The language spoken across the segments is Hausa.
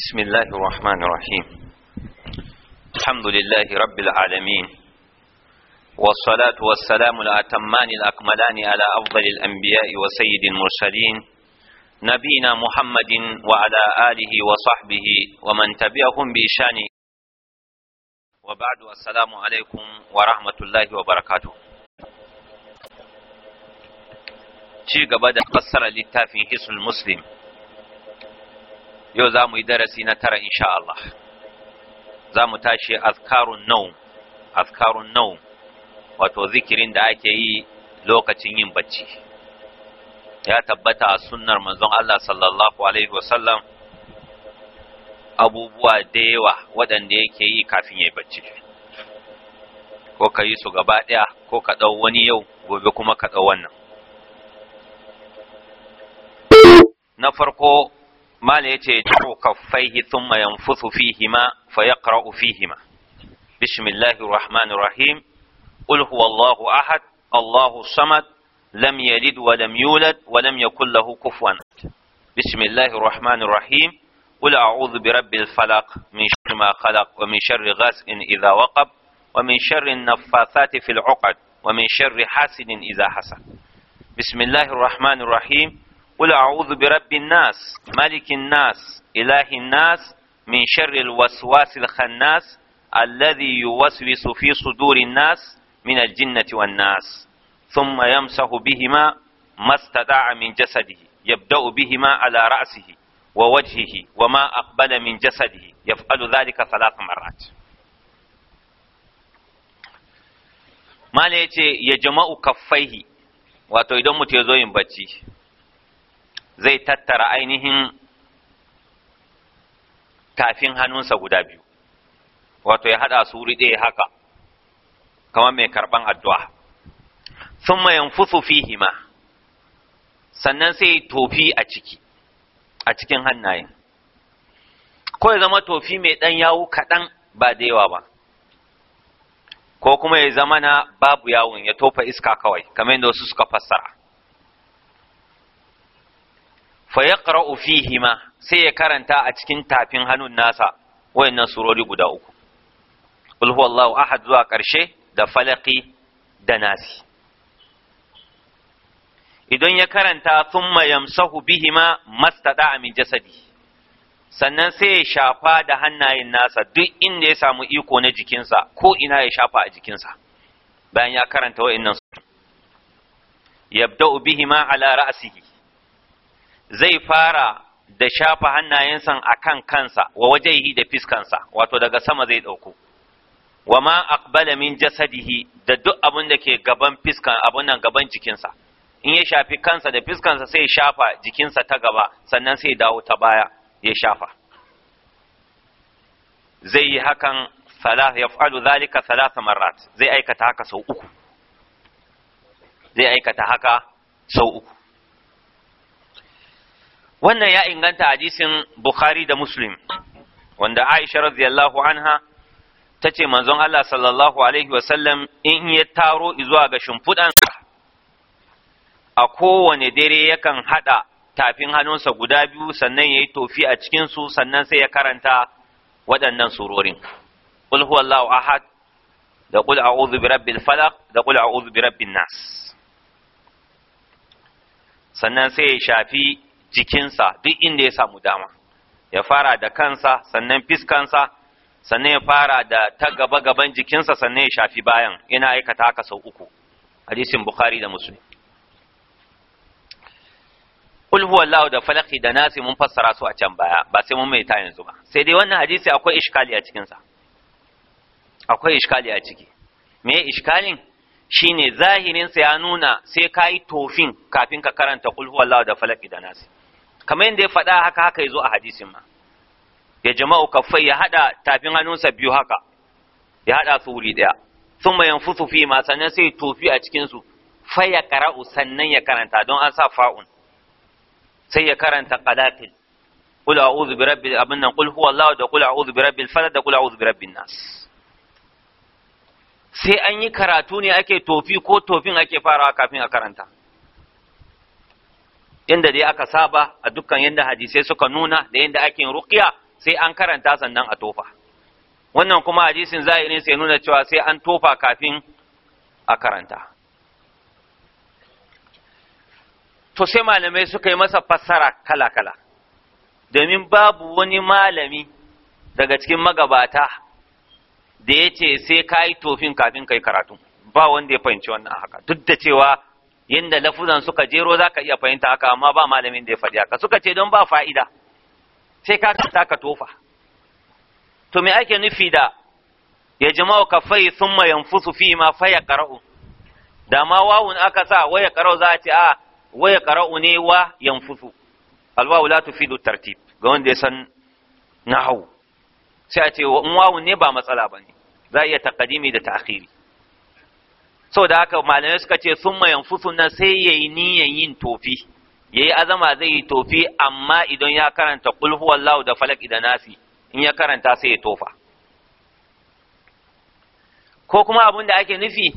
بسم الله الرحمن الرحيم الحمد لله رب العالمين والصلاة والسلام الأتمان الأكملان على أفضل الأنبياء وسيد المرسلين نبينا محمد وعلى آله وصحبه ومن تبعهم بإشان وبعد السلام عليكم ورحمة الله وبركاته شيء قبل قصر للتافي حس المسلم yau za mu yi darasi na tara insha Allah za mu tashi azkarun naum wato zikirin da ake yi lokacin yin bacci ya tabbata a sunnar manzon Allah sallallahu alaihi wasallam abubuwa da yawa waɗanda yake yi kafin ya yi bacci ko ka yi su gaba ɗaya ko ka ɗau wani yau gobe kuma ka ɗau wannan na farko ما لا يجعل كفيه ثم ينفث فيهما فيقرأ فيهما بسم الله الرحمن الرحيم قل هو الله أحد الله الصمد لم يلد ولم يولد ولم يكن له كفوا بسم الله الرحمن الرحيم قل أعوذ برب الفلق من شر ما خلق ومن شر غاس إذا وقب ومن شر النفاثات في العقد ومن شر حاسد إذا حسد بسم الله الرحمن الرحيم قل أعوذ برب الناس ملك الناس إله الناس من شر الوسواس الخناس الذي يوسوس في صدور الناس من الجنة والناس ثم يمسه بهما ما استدعى من جسده يبدأ بهما على رأسه ووجهه وما أقبل من جسده يفعل ذلك ثلاث مرات ما ليتي يجمع كفيه wato idan mutu zai tattara ainihin tafin hannunsa guda biyu wato ya haɗa su wuri ɗaya haka kamar mai karɓan addu'a sun mayan fusu fihima sannan sai tofi a ciki a cikin hannayen ko ya zama tofi mai ɗan yawu kaɗan ba da yawa ba ko kuma ya zama na babu yawon ya tofa iska kawai kamar yadda wasu suka fassara fa yaqra'u fihima sai ya karanta a cikin tafin hannun nasa wayannan surori guda uku qul huwallahu ahad zuwa karshe da falaki da nasi idan ya karanta thumma yamsahu bihima mastada'a min jasadi sannan sai ya shafa da hannayen nasa duk inda ya samu iko na jikinsa ko ina ya shafa a jikinsa bayan ya karanta wayannan su yabda'u bihima ala ra'sihi zai fara da shafa hannayensa a kan kansa wa wajehi da fiskansa wato daga sama zai ɗauko wa ma akbala min jasadihi da duk abin da ke gaban fiskan abin nan gaban jikinsa in ya shafi kansa da fiskansa sai ya shafa jikinsa ta gaba sannan sai dawo ta baya ya shafa zai yi hakan salah yaf'alu zalika salasa marrat zai aikata haka sau uku zai aikata haka sau uku wannan ya inganta hadisin bukhari da muslim wanda aisha radiyallahu anha ta ce manzon Allah sallallahu alaihi wasallam in ya taro zuwa ga shimfudan. a kowane dare yakan haɗa tafin hannunsa guda biyu sannan ya yi tofi a cikinsu sannan sai ya karanta waɗannan surorin qul huwallahu ahad da qul a'udhu birabbil falaq da qul a'udhu birabbin nas sannan sai ya shafi jikinsa duk inda ya samu dama ya fara da kansa sannan fiskansa sannan ya fara da ta gaba gaban jikinsa sannan ya shafi bayan yana aikata haka sau uku hadisin bukhari da muslim huwa allah da falaki da nasi mun fassara su a can baya ba sai mun mai ta yanzu ba sai dai wannan hadisi akwai iskali a cikin sa akwai iskali a ciki me iskalin shine zahirin sa ya nuna sai kai tofin kafin ka karanta huwa allah da falaki da nasi kamar yadda ya faɗa haka haka ya zo a hadisin ma ya jama'u kaffai ya haɗa tafin hannunsa biyu haka ya haɗa su wuri ɗaya sun mayan fusu fi ma sannan sai tofi a cikinsu fa ya kara'u sannan ya karanta don an sa fa'un sai ya karanta qalatil qul a'udhu bi rabbil abin nan qul huwa allah da qul a'udhu bi rabbil falaq da qul a'udhu bi rabbin nas sai an yi karatu ne ake tofi ko tofin ake farawa kafin a karanta yanda dai aka saba a dukkan yanda hadisai suka nuna da yanda ake ruqiya sai an karanta sannan a tofa wannan kuma hadisin zahirin sai nuna cewa sai an tofa kafin a karanta to sai malamai suka yi masa fassara kala-kala domin babu wani malami daga cikin magabata da ya ce sai ka yi tofin kafin yi karatu ba wanda ya fahimci wannan haka duk da cewa yanda lafuzan suka jero zaka iya fahimta haka amma ba malamin da ya faɗi haka suka ce don ba fa'ida sai ka kanta ka tofa to me ake nufi da ya jima'u kafai thumma yanfusu fi ma fa yaqra'u da ma wawun aka sa waya qara'u za a ce a ah, waya qara'u ne wa yanfusu alwawu la tufidu tartib ga wanda ya san nahwu sai a ce in wawun ne ba matsala bane za a iya taƙadimi da ta'khiri da haka malamai suka ce sun mayan fusunan sai ya yi niyan yin tofi ya yi azama zai yi tofi amma idan ya karanta kulhu wallahu da falak idan nasi in ya karanta sai ya tofa ko kuma abin da ake nufi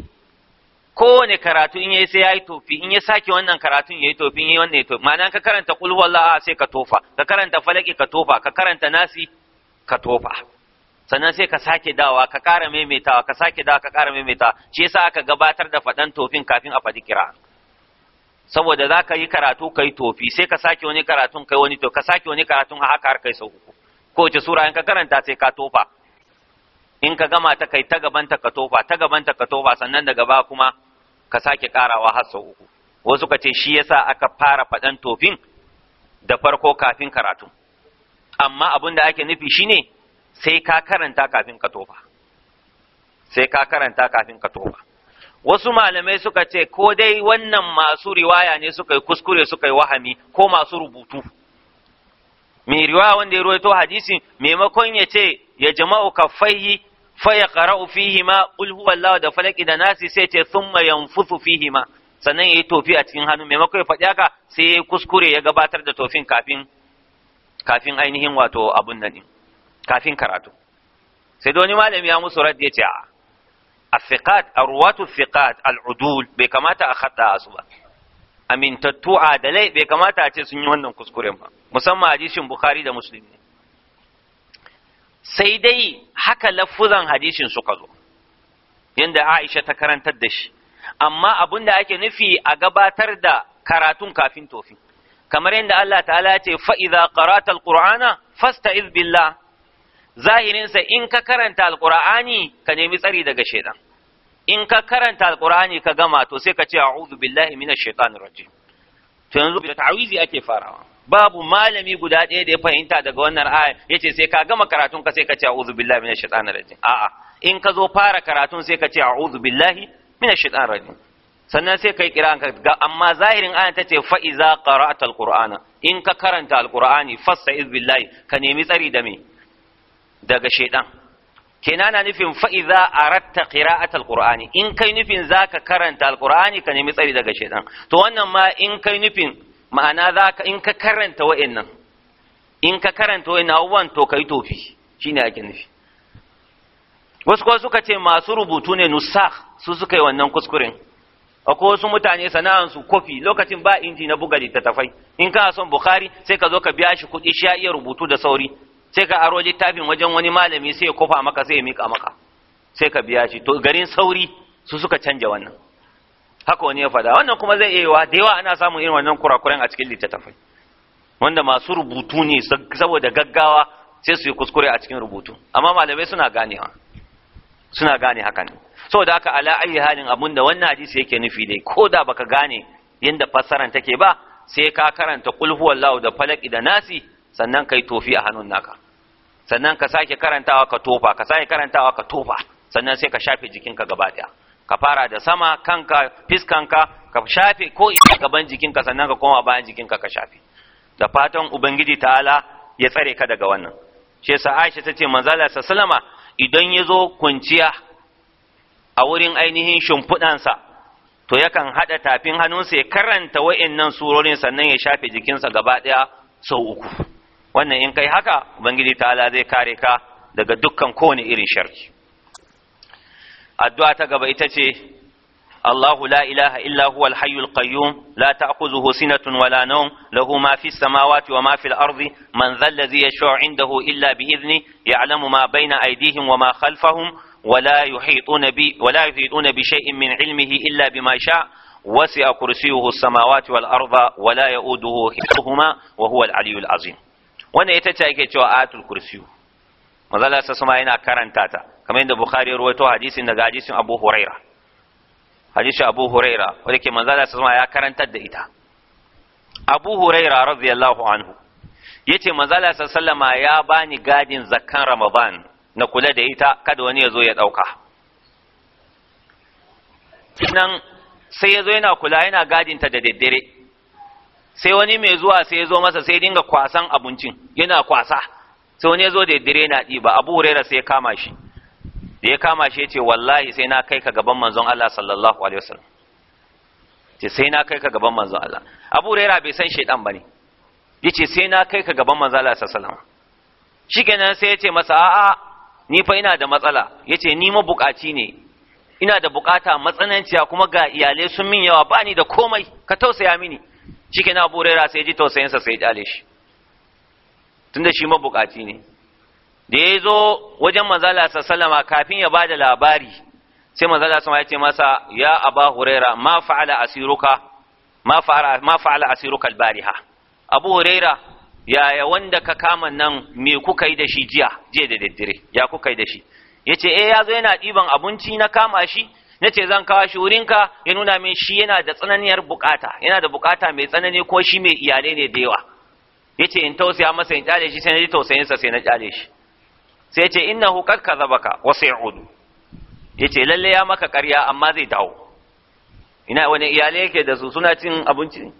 kowane karatu in yayi sai yayi tofi in ya sake wannan karatun yayi tofi in yayi wannan yayi tofi ma'ana ka karanta qul la'u sai ka tofa ka karanta falaki ka tofa ka karanta nasi ka tofa sannan sai ka sake dawa ka ƙara maimaitawa ka sake dawa ka ƙara maimaitawa shi yasa aka gabatar da faɗan tofin kafin a faɗi kira saboda za ka yi karatu ka yi tofi sai ka sake wani karatun kai wani to ka sake wani karatun a haka har kai sau uku wace sura in ka karanta sai ka tofa in ka gama ta kai ta gaban ta ka tofa ta gaban ta ka tofa sannan daga ba kuma ka sake karawa har sau uku wasu ka ce shi yasa aka fara faɗan tofin da farko kafin karatu amma abin da ake nufi shine sai ka karanta kafin ka tofa sai ka karanta kafin ka tofa wasu malamai suka ce ko dai wannan masu riwaya ne suka yi kuskure suka yi wahami ko masu rubutu mai riwaya wanda ya ruwaito hadisi maimakon ya ce ya jama'u ka fayi ya qara'u fihi ma da falaki da nasi sai ce thumma yanfuthu fihi ma sannan yayi tofi a cikin hannu maimakon ya faɗi haka sai ya kuskure ya gabatar da tofin kafin ainihin wato abun nan din kafin karatu sai doni malami ya musu rad ya ce a arwatu fiqat al'udul bai kamata a a su ba amintattu adalai bai kamata a ce sun yi wannan kuskuren ba musamman hadisin bukhari da muslim ne sai dai haka lafuzan hadisin suka zo yanda aisha ta karantar da shi amma abin da ake nufi a gabatar da karatun kafin tofi kamar yadda Allah ta'ala ya ce fa'iza idza qara'ta al-qur'ana fasta'iz billah zahirinsa in ka karanta alqur'ani ka nemi tsari daga shaidan. in ka karanta alqur'ani ka gama to sai ka ce a'udhu billahi minash shaitanir rajim to yanzu da ta'awizi ake farawa babu malami guda ɗaya da ya fahimta daga wannan aya yace sai ka gama karatun ka sai ka ce a'udhu billahi minash shaitanir rajim a'a in ka zo fara karatun sai ka ce a'udhu billahi minash shaitanir rajim sannan sai kai kira ga amma zahirin ayan ta ce fa iza qara'ta alqur'ana in ka karanta alqur'ani fasta'iz billahi ka nemi tsari da me daga shaidan kenan na nufin fa'iza a ratta qira'atul qur'ani in kai nufin zaka karanta alqur'ani ka nemi tsari daga shaidan to wannan ma in kai nufin ma'ana zaka in ka karanta wa'annan in ka karanta wa'annan abubuwan to kai tofi shine ake nufi wasu kuma suka ce masu rubutu ne nusakh su suka yi wannan kuskuren akwai wasu mutane sana'ansu kofi lokacin ba inji na buga littattafai in kana son bukhari sai ka zo ka biya shi kuɗi shi ya iya rubutu da sauri sai ka aro littafin wajen wani malami sai ya kofa maka sai ya mika maka sai ka biya shi to garin sauri su suka canja wannan haka wani ya fada wannan kuma zai iya da yawa ana samun irin wannan kurakuren a cikin littattafai wanda masu rubutu ne saboda gaggawa sai su yi kuskure a cikin rubutu amma malamai suna ganewa suna gane hakan saboda haka ala ayi halin abun da wannan hadisi yake nufi dai ko da baka gane yanda fassaran take ba sai ka karanta kul da falaki da nasi sannan kai tofi a hannun naka sannan ka sake karantawa ka tofa ka sake karantawa ka tofa sannan sai ka shafe jikinka gaba ɗaya ka fara da sama kanka fiskanka ka shafe ko ina gaban jikinka sannan ka koma bayan jikinka ka shafe da fatan ubangiji ta'ala ya tsare ka daga wannan shi yasa Aisha tace Allah sallama idan yazo kunciya a wurin ainihin shimfudansa to yakan hada tafin hannunsa ya karanta wa'annan surorin sannan ya shafe jikinsa gaba ɗaya sau uku wannan in kai haka ubangiji ta'ala zai kare ka daga dukkan kowane irin sharri addu'a ta gaba ita ce الله لا إله إلا هو الحي القيوم لا تأخذه سنة ولا نوم له ما في السماوات وما في الأرض من ذا الذي يشفع عنده إلا بإذنه يعلم ما بين أيديهم وما خلفهم ولا يحيطون بي ولا يحيطون بشيء من علمه إلا بما شاء وسع كرسيه السماوات والأرض ولا يؤوده حفظهما وهو العلي العظيم wannan ita ce ake cewa ayatul kursiyu manzala sa sama yana karanta ta kamar yadda bukhari ya rawaito hadisin daga hadisin abu huraira hadisi abu huraira wanda ke manzala sa sama ya karantar da ita abu huraira radiyallahu anhu yace manzala sa sallama ya bani gadin zakkan ramadan na kula da ita kada wani ya zo ya dauka nan sai ya zo yana kula yana gadin ta da daddare sai wani mai zuwa sai zo masa sai dinga kwasan abincin yana kwasa sai wani ya zo da dire na ɗiba abu huraira sai ya kama shi da ya kama shi yace wallahi sai na kai ka gaban manzon Allah sallallahu alaihi wasallam ce sai na kai ka gaban manzon Allah abu huraira bai san shedan bane yace sai na kai ka gaban manzon Allah sallallahu alaihi wasallam shikenan sai yace masa a'a ni fa ina da matsala yace ni bukaci ne ina da bukata matsananciya kuma ga iyalai sun min yawa bani da komai ka tausaya mini shikenan Abu Huraira sai ji tausayinsa sa sai kyale shi tunda shi mabukaci ne da ya zo wajen manzala sallama kafin ya ba da labari sai manzala sama ya ce masa ya Aba hurera ma fa'ala asiruka ma fa'ala ma asiruka albariha Abu Huraira yaya wanda ka kama nan me kuka yi da shi jiya jiya da daddare ya kuka yi da shi yace eh yazo yana ɗiban abinci na kama shi na ce zan kawo shi wurinka ya nuna min shi yana da tsananiyar bukata yana da bukata mai tsanani ko shi mai iyalai ne da yawa ya ce in tausaya masa in kyale shi sai na ji tausayinsa sai na kyale shi sai ce inna hukar ka ka wasu hudu. ya ce lalle ya maka karya amma zai dawo ina wani iyalai yake da su suna cin abinci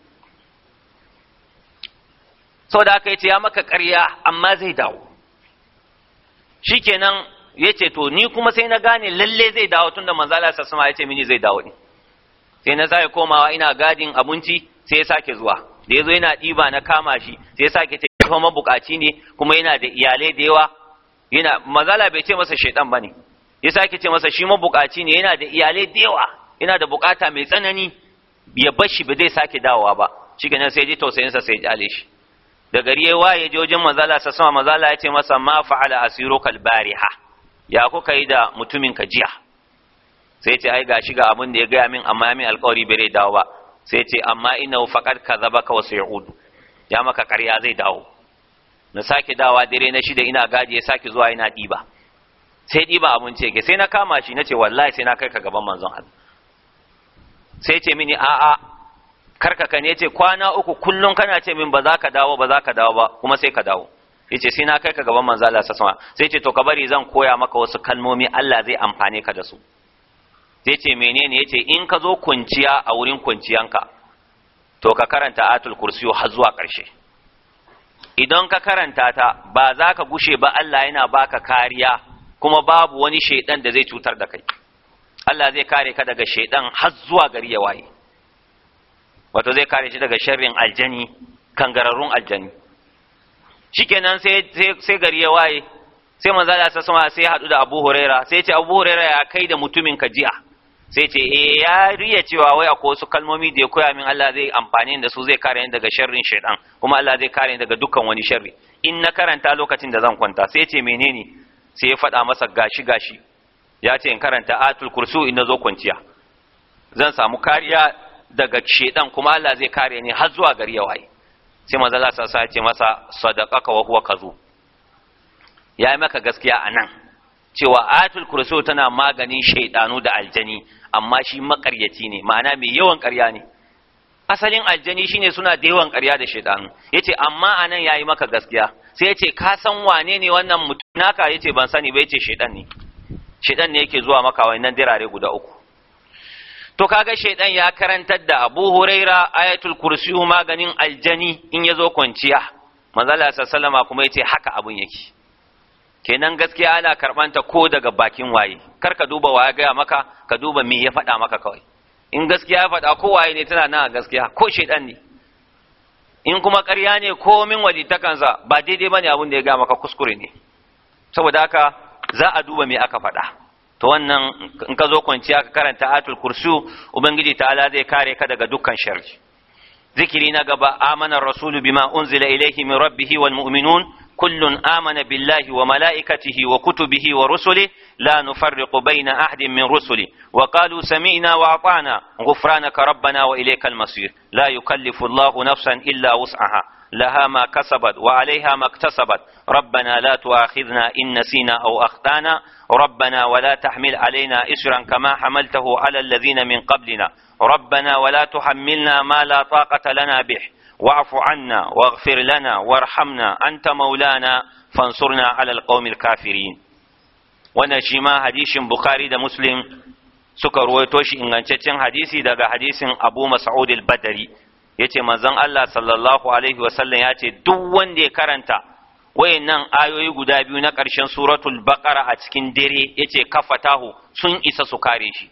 sau da aka yi ce ya maka karya amma zai dawo shikenan yace to ni kuma sai na gane lalle zai dawo tunda manzo Allah sallallahu alaihi yace mini zai dawo ne sai na sai komawa ina gadin abinci sai ya sake zuwa da yazo yana diba na kama shi sai ya sake ce kuma mabukaci ne kuma yana da iyalai da yawa yana manzala bai ce masa shaidan bane ya sake ce masa shi mabukaci ne yana da iyalai da yawa yana da bukata mai tsanani ya bar shi ba zai sake dawowa ba shi nan sai ji tausayin sa sai jale shi da gari ya waye jojin wajen manzala sa sama manzala ya ce masa ma fa'ala asiruka bariha ya kuka yi da mutumin ka jiya sai ce ai gashi ga abin da ya gaya min amma ya min alƙawari bai dawo ba sai ce amma ina faqad kazabaka wa sayudu ya maka ƙarya zai dawo na sake dawa dare na shida ina gaji ya sake zuwa ina ɗiba sai ɗiba abin ce ke sai na kama shi na ce wallahi sai na kai ka gaban manzon Allah sai ce mini a'a karkaka ne ce kwana uku kullum kana ce min ba za ka dawo ba za ka dawo ba kuma sai ka dawo yace sai na kai ka gaban manzo Allah sallallahu sai ce to ka bari zan koya maka wasu kalmomi Allah zai amfane ka da su zai ce menene yace in ka zo kunciya a wurin kunciyanka to ka karanta atul kursiyo har zuwa ƙarshe idan ka karanta ta ba za ka gushe ba Allah yana baka kariya kuma babu wani shaidan da zai cutar da kai Allah zai kare ka daga shaidan har zuwa gari ya waye wato zai kare shi daga sharrin aljani kangararrun aljani shikenan sai sai gari ya waye sai manzo Allah sai sama sai hadu da Abu Huraira sai ce Abu Huraira ya kai da mutumin ka jiya sai ce eh ya riya cewa wai akwai wasu kalmomi da ya koya min Allah zai amfani da su zai kare ni daga sharrin shaytan kuma Allah zai kare ni daga dukkan wani sharri in na karanta lokacin da zan kwanta sai ce menene sai ya faɗa masa gashi gashi ya ce in karanta atul kursu in nazo kwanciya zan samu kariya daga shaytan kuma Allah zai kare ni har zuwa gari ya waye sai manzo Allah ce masa sadaqaka wa huwa kazu ya yi maka gaskiya a nan cewa atul kursu tana maganin shaidanu da aljani amma shi makaryaci ne ma'ana mai yawan karya ne asalin aljani shine suna da yawan karya da shaidanu yace amma anan yayi maka gaskiya sai yace ka san wane ne wannan mutum naka yace ban sani ba yace shaidan ne shaidan ne yake zuwa maka wannan dirare guda uku to kaga shaidan ya karantar da Abu Huraira ayatul kursi maganin aljani in yazo kwanciya manzala sallama kuma yace haka abun yake kenan gaskiya ana karbanta ko daga bakin waye kar ka duba waye gaya maka ka duba me ya faɗa maka kawai in gaskiya ya faɗa ko waye ne tana nan a gaskiya ko shaidan ne in kuma ƙarya ne ko min kansa ba daidai bane abun da ya gaya maka kuskure ne saboda haka za a duba me aka faɗa to wannan in ka zo kwanciya ka karanta atul kursu ubangiji ta'ala zai kare ka daga dukkan sharri zikiri na gaba amana rasulu bima unzila ilayhi min rabbihi wal mu'minun kullun amana billahi wa malaikatihi كل آمن بالله وملائكته وكتبه ورسله لا نفرق بين أحد من رسله وقالوا سمعنا وأطعنا غفرانك ربنا وإليك المصير لا يكلف الله nafsan illa wus'aha لها ما كسبت وعليها ما اكتسبت ربنا لا تؤاخذنا إن نسينا أو أخطانا ربنا ولا تحمل علينا إسرا كما حملته على الذين من قبلنا ربنا ولا تحملنا ما لا طاقة لنا به واعف عنا واغفر لنا وارحمنا أنت مولانا فانصرنا على القوم الكافرين ونجما حديث بخاري ده مسلم سكر ويتوش إن حديثي ده حديث أبو مسعود البدري yace manzon Allah sallallahu alaihi wasallam ya ce duk wanda ya karanta wayannan ayoyi guda biyu na ƙarshen suratul baqara a cikin dare yace kafatahu sun isa su kare shi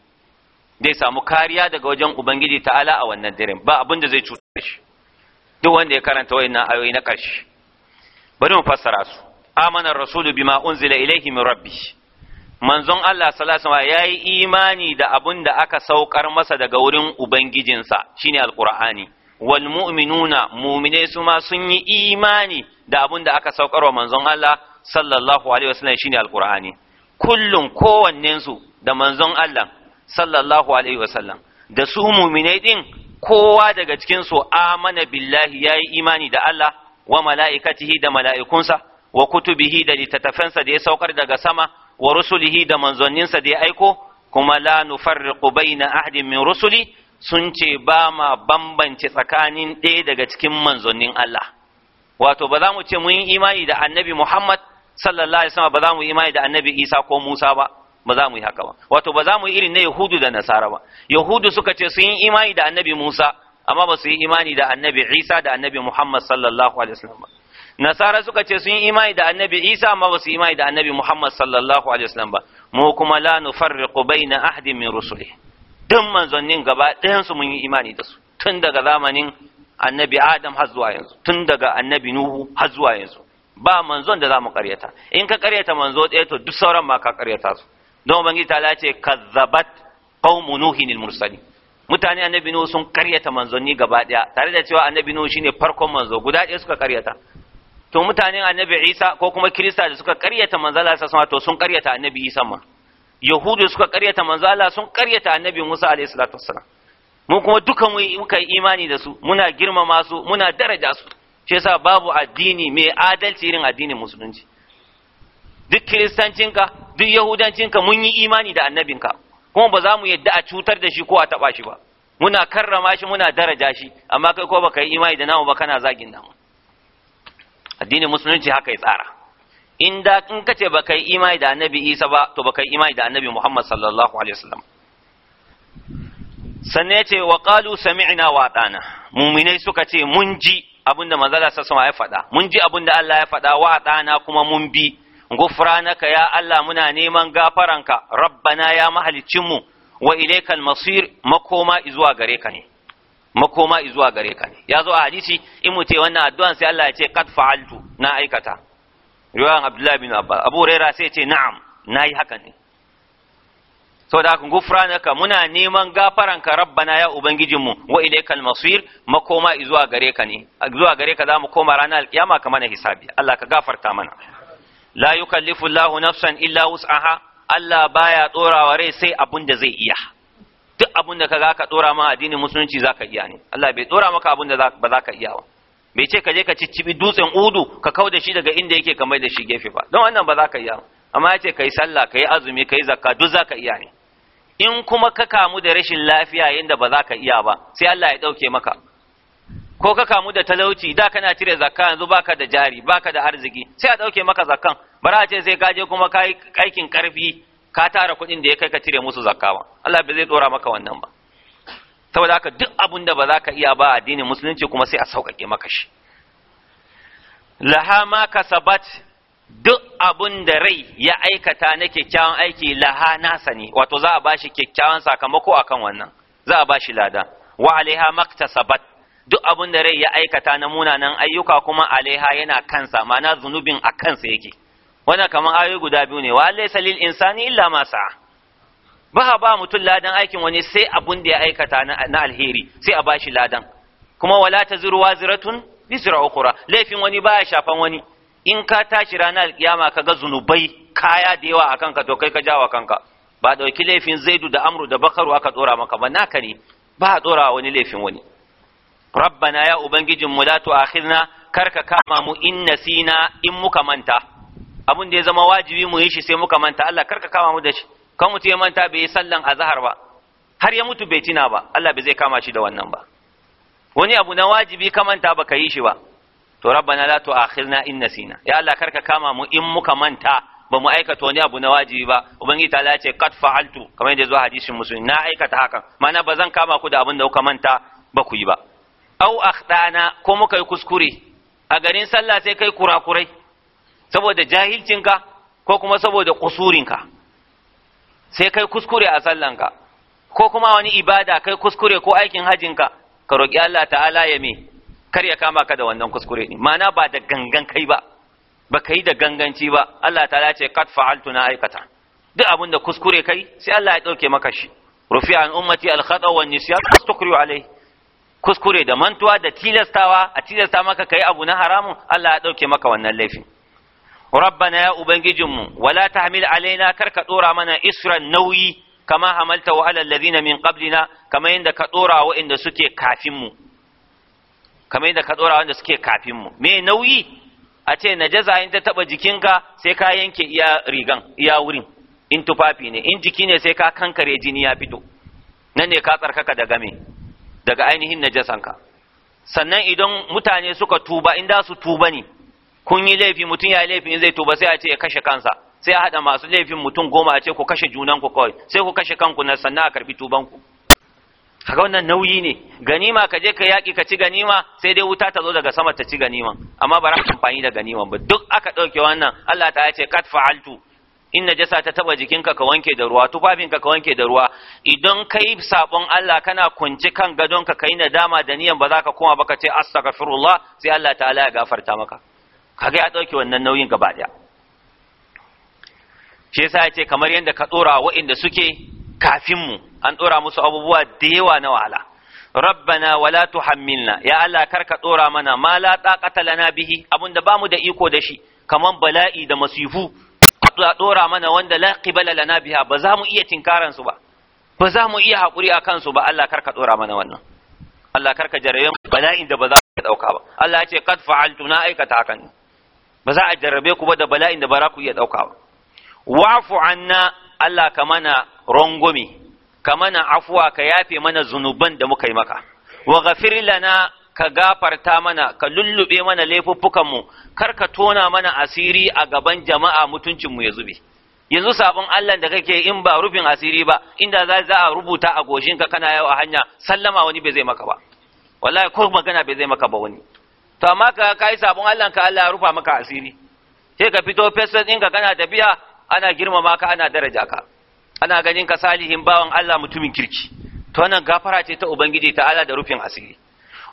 zai samu kariya daga wajen ubangiji ta'ala a wannan daren ba abin da zai cutar shi duk wanda ya karanta wayannan ayoyi na ƙarshe bari mu fassara su amana rasulu bima unzila ilaihi min rabbi manzon Allah sallallahu alaihi wasallam yayi imani da abun da aka saukar masa daga wurin ubangijinsa shine alqur'ani Walmuminuna mu'minuna mu'mine su ma sun yi imani da abin da aka saukarwa manzon Allah sallallahu alaihi wasallam shine alqur'ani kullun kowannen su da manzon Allah sallallahu alaihi wasallam da su mu'minai din kowa daga cikin su amana billahi yayi imani da Allah wa mala'ikatihi da mala'ikunsa wa kutubihi da littattafansa da ya saukar daga sama wa rusulihi da manzonninsa da ya aiko kuma la nufarriqu baina ahadin min rusuli sun ce ba ma bambance tsakanin ɗaya daga cikin manzonin Allah wato ba za mu ce mun yi imani da annabi Muhammad sallallahu alaihi wasallam ba za mu yi imani da annabi Isa ko Musa ba ba za mu yi haka ba wato ba za mu yi irin na Yahudu da Nasara ba Yahudu suka ce sun yi imani da annabi Musa amma ba su yi imani da annabi Isa da annabi Muhammad sallallahu alaihi wasallam ba Nasara suka ce sun yi imani da annabi Isa amma ba su yi imani da annabi Muhammad sallallahu alaihi wasallam ba mu kuma la nufarriqu baina ahadin min rusulihi duk manzannin gaba ɗayansu mun yi imani da su tun daga zamanin annabi adam har zuwa yanzu tun daga annabi nuhu har zuwa yanzu ba manzon da zamu mu karyata in ka ƙaryata manzo ɗaya to duk sauran ma ka ƙaryata su don ubangiji ta lace kazzabat qaumu nuhin al mursalin mutane annabi nuhu sun ƙaryata manzonni gaba ɗaya tare da cewa annabi nuhu shine farkon manzo guda ɗaya suka ƙaryata, to mutanen annabi isa ko kuma kirista da suka ƙaryata manzala sa to sun ƙaryata annabi isa ma yahudu suka karyata manzo Allah sun karyata annabi Musa alayhi salatu wassalam mu kuma duka mu muka yi imani da su muna girmama su muna daraja su shi yasa babu addini mai adalci irin addinin musulunci duk kiristancinka duk yahudancinka mun yi imani da annabinka kuma ba za mu yadda a cutar da shi ko a taba shi ba muna karrama shi muna daraja shi amma kai ko baka yi imani da namu ba kana zagin namu addinin musulunci haka ya tsara in da in kace ba kai imani da annabi Isa ba to ba kai imani da annabi Muhammad sallallahu alaihi wasallam sanne yace wa qalu sami'na wa atana mu'minai suka ce mun ji abinda manzala sassama ya faɗa mun ji abinda Allah ya faɗa wa atana kuma mun bi gufranaka ya Allah muna neman gafaranka rabbana ya mu wa ilaikal masir makoma izuwa gare ka ne makoma izuwa gare ka ne ya zo a hadisi in mu ce wannan addu'an sai Allah ya ce qad fa'altu na aikata riwayan abdullahi bin Abba, abu raira sai ce na'am na nayi haka ne aka haka gufranaka muna neman gafaranka rabbana ya ubangijinmu wa ilaikal masir makoma zuwa gare ka ne zuwa gare ka za mu koma ranar alkiyama ka mana hisabi Allah ka gafarta mana la yukallifu Allahu nafsan illa wus'aha Allah baya tsorawa rai sai abun da zai iya duk abun da kaga ka tsora ma addinin musulunci zaka iya ne Allah bai tsora maka abun da ba zaka iya ba bai ce ka je ka ciccibi dutsen udu ka kau da shi daga inda yake kamar da shi gefe ba don wannan ba za ka iya amma ya ce ka yi sallah ka yi azumi ka yi zakka duk za ka iya ne in kuma ka kamu da rashin lafiya yadda ba za ka iya ba sai Allah ya ɗauke maka ko ka kamu da talauci da kana cire zakka yanzu baka da jari baka da arziki sai a ɗauke maka zakkan bara a ce sai ka je kuma ka yi aikin ƙarfi ka tara kuɗin da ya kai ka cire musu zakka ba Allah bai zai ɗora maka wannan ba saboda haka duk abin da ba za ka iya ba addinin musulunci kuma sai a sauƙaƙe maka shi laha ma sabat duk abin da rai ya aikata na kyakkyawan aiki laha nasa ne wato za a bashi kyakkyawan sakamako akan wannan za a bashi lada wa alaiha sabat duk abin da rai ya aikata na munanan ayyuka kuma alaiha yana kansa ma'ana zunubin a kansa yake wannan kamar ayoyi guda biyu ne wa laysa lil insani illa ma sa'a ba ba mutum ladan aikin wani sai abun da ya aikata na alheri sai a bashi ladan kuma wala taziru waziratun bisra ukhra laifin wani baya shafan wani in ka tashi ranar alkiyama ga zunubai kaya da yawa akan ka to kai ka jawa kanka ba dauki laifin zaidu da amru da bakaru aka dora maka ba naka ne ba a tsora wani laifin wani rabbana ya ubangijin mu la tu'akhidna karka kama mu in nasina in muka manta abun da ya zama wajibi mu yi shi sai muka manta Allah karka kama mu da shi kan mutum ya manta bai yi sallan azahar ba har ya mutu bai tina ba Allah bai zai kama shi da wannan ba wani abu na wajibi ka manta ba ka yi shi ba to rabbana la tu'akhirna in nasina ya Allah karka kama mu in muka manta ba mu aikata wani abu na wajibi ba ubangiji ta ce kat fa'altu kamar yadda zuwa hadisin musulmi na aikata hakan mana ba zan kama ku da abin da kuka manta ba ku yi ba au akhdana ko muka yi kuskure a garin sallah sai kai kurakurai saboda jahilcinka ko kuma saboda kusurinka sai kai kuskure a sallanka ko kuma wani ibada kai kuskure ko aikin hajinka ka roƙi Allah ta'ala ya me kar ya kama ka da wannan kuskure ne Mana ba da gangan kai ba ba ka yi da ganganci ba Allah ta'ala ce kat fa'altu na aikata duk abin da kuskure kai sai Allah ya ɗauke maka shi rufi an ummati al-khata wa nisyan astukriu alai kuskure da mantuwa da tilastawa a tilasta maka kai abu na haramun Allah ya ɗauke maka wannan laifin na ya ubangijin mu wala tahmil alaina kar ka dora mana isran nauyi kama hamalta wa alal ladina min qablina kama yanda ka dora wa'inda suke kafin mu kama yanda ka dora wanda suke kafin mu me nauyi a ce najaza in ta taba jikinka sai ka yanke iya rigan iya wurin in tufafi ne in jiki ne sai ka kankare jini ya fito nan ne ka tsarkaka daga me daga ainihin ka sannan idan mutane suka tuba in da su tuba ni. kun yi laifi mutum ya laifi in zai tuba sai a ce ya kashe kansa sai a haɗa masu laifin mutum goma a ce ku kashe junanku kawai sai ku kashe kanku na sannan a karɓi tubanku kaga wannan nauyi ne ganima ka je ka yaƙi ka ci ganima sai dai wuta ta zo daga sama ta ci ganiman amma ba za amfani da ganiman ba duk aka ɗauke wannan Allah ta ce kat fa'altu in jasa ta taba jikinka ka wanke da ruwa tufafinka ka wanke da ruwa idan kai sabon Allah kana kunci kan gadon ka kai nadama da niyan ba za ka koma ba ka ce astaghfirullah sai Allah ta'ala ya gafarta maka kaga ya ɗauke wannan nauyin gaba ɗaya shi yasa ya ce kamar yadda ka ɗora waɗanda suke kafin mu an ɗora musu abubuwa da yawa na wahala rabbana wala tuhammilna ya Allah kar ka ɗora mana ma la taqata lana bihi abunda bamu da iko da shi kaman bala'i da masifu ka ɗora mana wanda la qibala lana biha ba za mu iya tinkaran su ba ba za mu iya haƙuri a kansu ba Allah kar ka ɗora mana wannan Allah kar ka jarayen bala'in da ba za ka ɗauka ba Allah ya ce kad fa'altu na aikata hakan ba za a jarrabe ku ba da bala'in da ba ku iya ɗauka ba wa'fu anna Allah ka mana rongomi, ka mana afuwa ka yafe mana zunuban da muka yi maka wa ghafir lana ka gafarta mana ka lullube mana laifuffukan mu kar ka tona mana asiri a gaban jama'a mutuncin mu ya zube yanzu sabon Allah da kake in ba rufin asiri ba inda za za a rubuta a goshin ka kana yau a hanya sallama wani bai zai maka ba wallahi ko magana bai zai maka ba wani to amma ka yi sabon Allah ka Allah ya rufa maka asiri sai ka fito ka, ɗinka kana tafiya ana girmama ka ana daraja ka ana ganin ka salihin bawan Allah mutumin kirki to wannan gafara ce ta ubangiji ta Allah da rufin asiri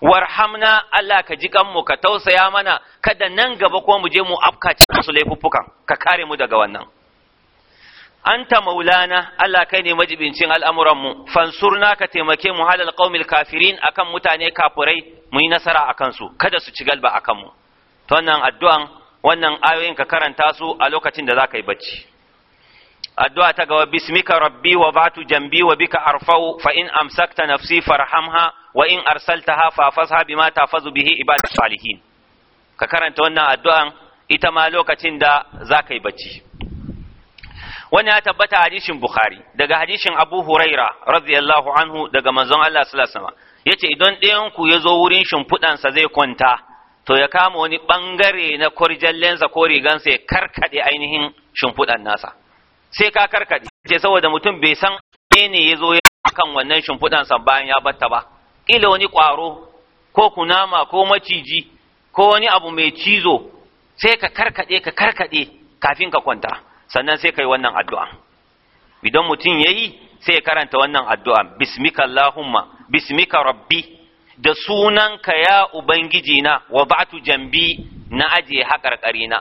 warhamna Allah ka ji mu ka tausaya mana kada nan gaba ko mu je mu afka cikin su laifuffukan ka kare mu daga wannan anta maulana Allah kai ne majibincin al'amuranmu fansurna ka taimake mu halal qaumil kafirin akan mutane kafurai mu yi nasara a kansu kada su ci galba a kanmu ta wannan addu'an wannan ayoyin ka karanta su a lokacin da za ka yi bacci addu'a ta gaba bismika rabbi wa batu jambi wa bika arfau fa in amsakta nafsi farhamha wa in arsaltaha fafazha bima tafazu bihi ibadatu salihin ka karanta wannan addu'an ita ma lokacin da za ka yi bacci Wani ya tabbata hadisin bukhari daga hadisin abu huraira radiyallahu anhu daga manzon Allah sallallahu alaihi wasallam yace idan ɗayan ku ya zo wurin shimfiɗansa zai kwanta to ya kama wani bangare na lensa ko rigansa ya karkade ainihin shimfiɗan nasa sai ka karkade ce saboda mutum bai san ne ya zo ya akan wannan shimfiɗansa bayan ya batta ba kila wani ƙwaro ko kunama ko maciji ko wani abu mai cizo sai ka karkaɗe ka karkaɗe kafin ka kwanta sannan sai kai wannan addu'a idan mutum yayi sai ya karanta wannan addu'a bismika allahumma bismika rabbi da sunanka ya ubangiji na wa ba'tu jambi na ajiye haƙarƙari na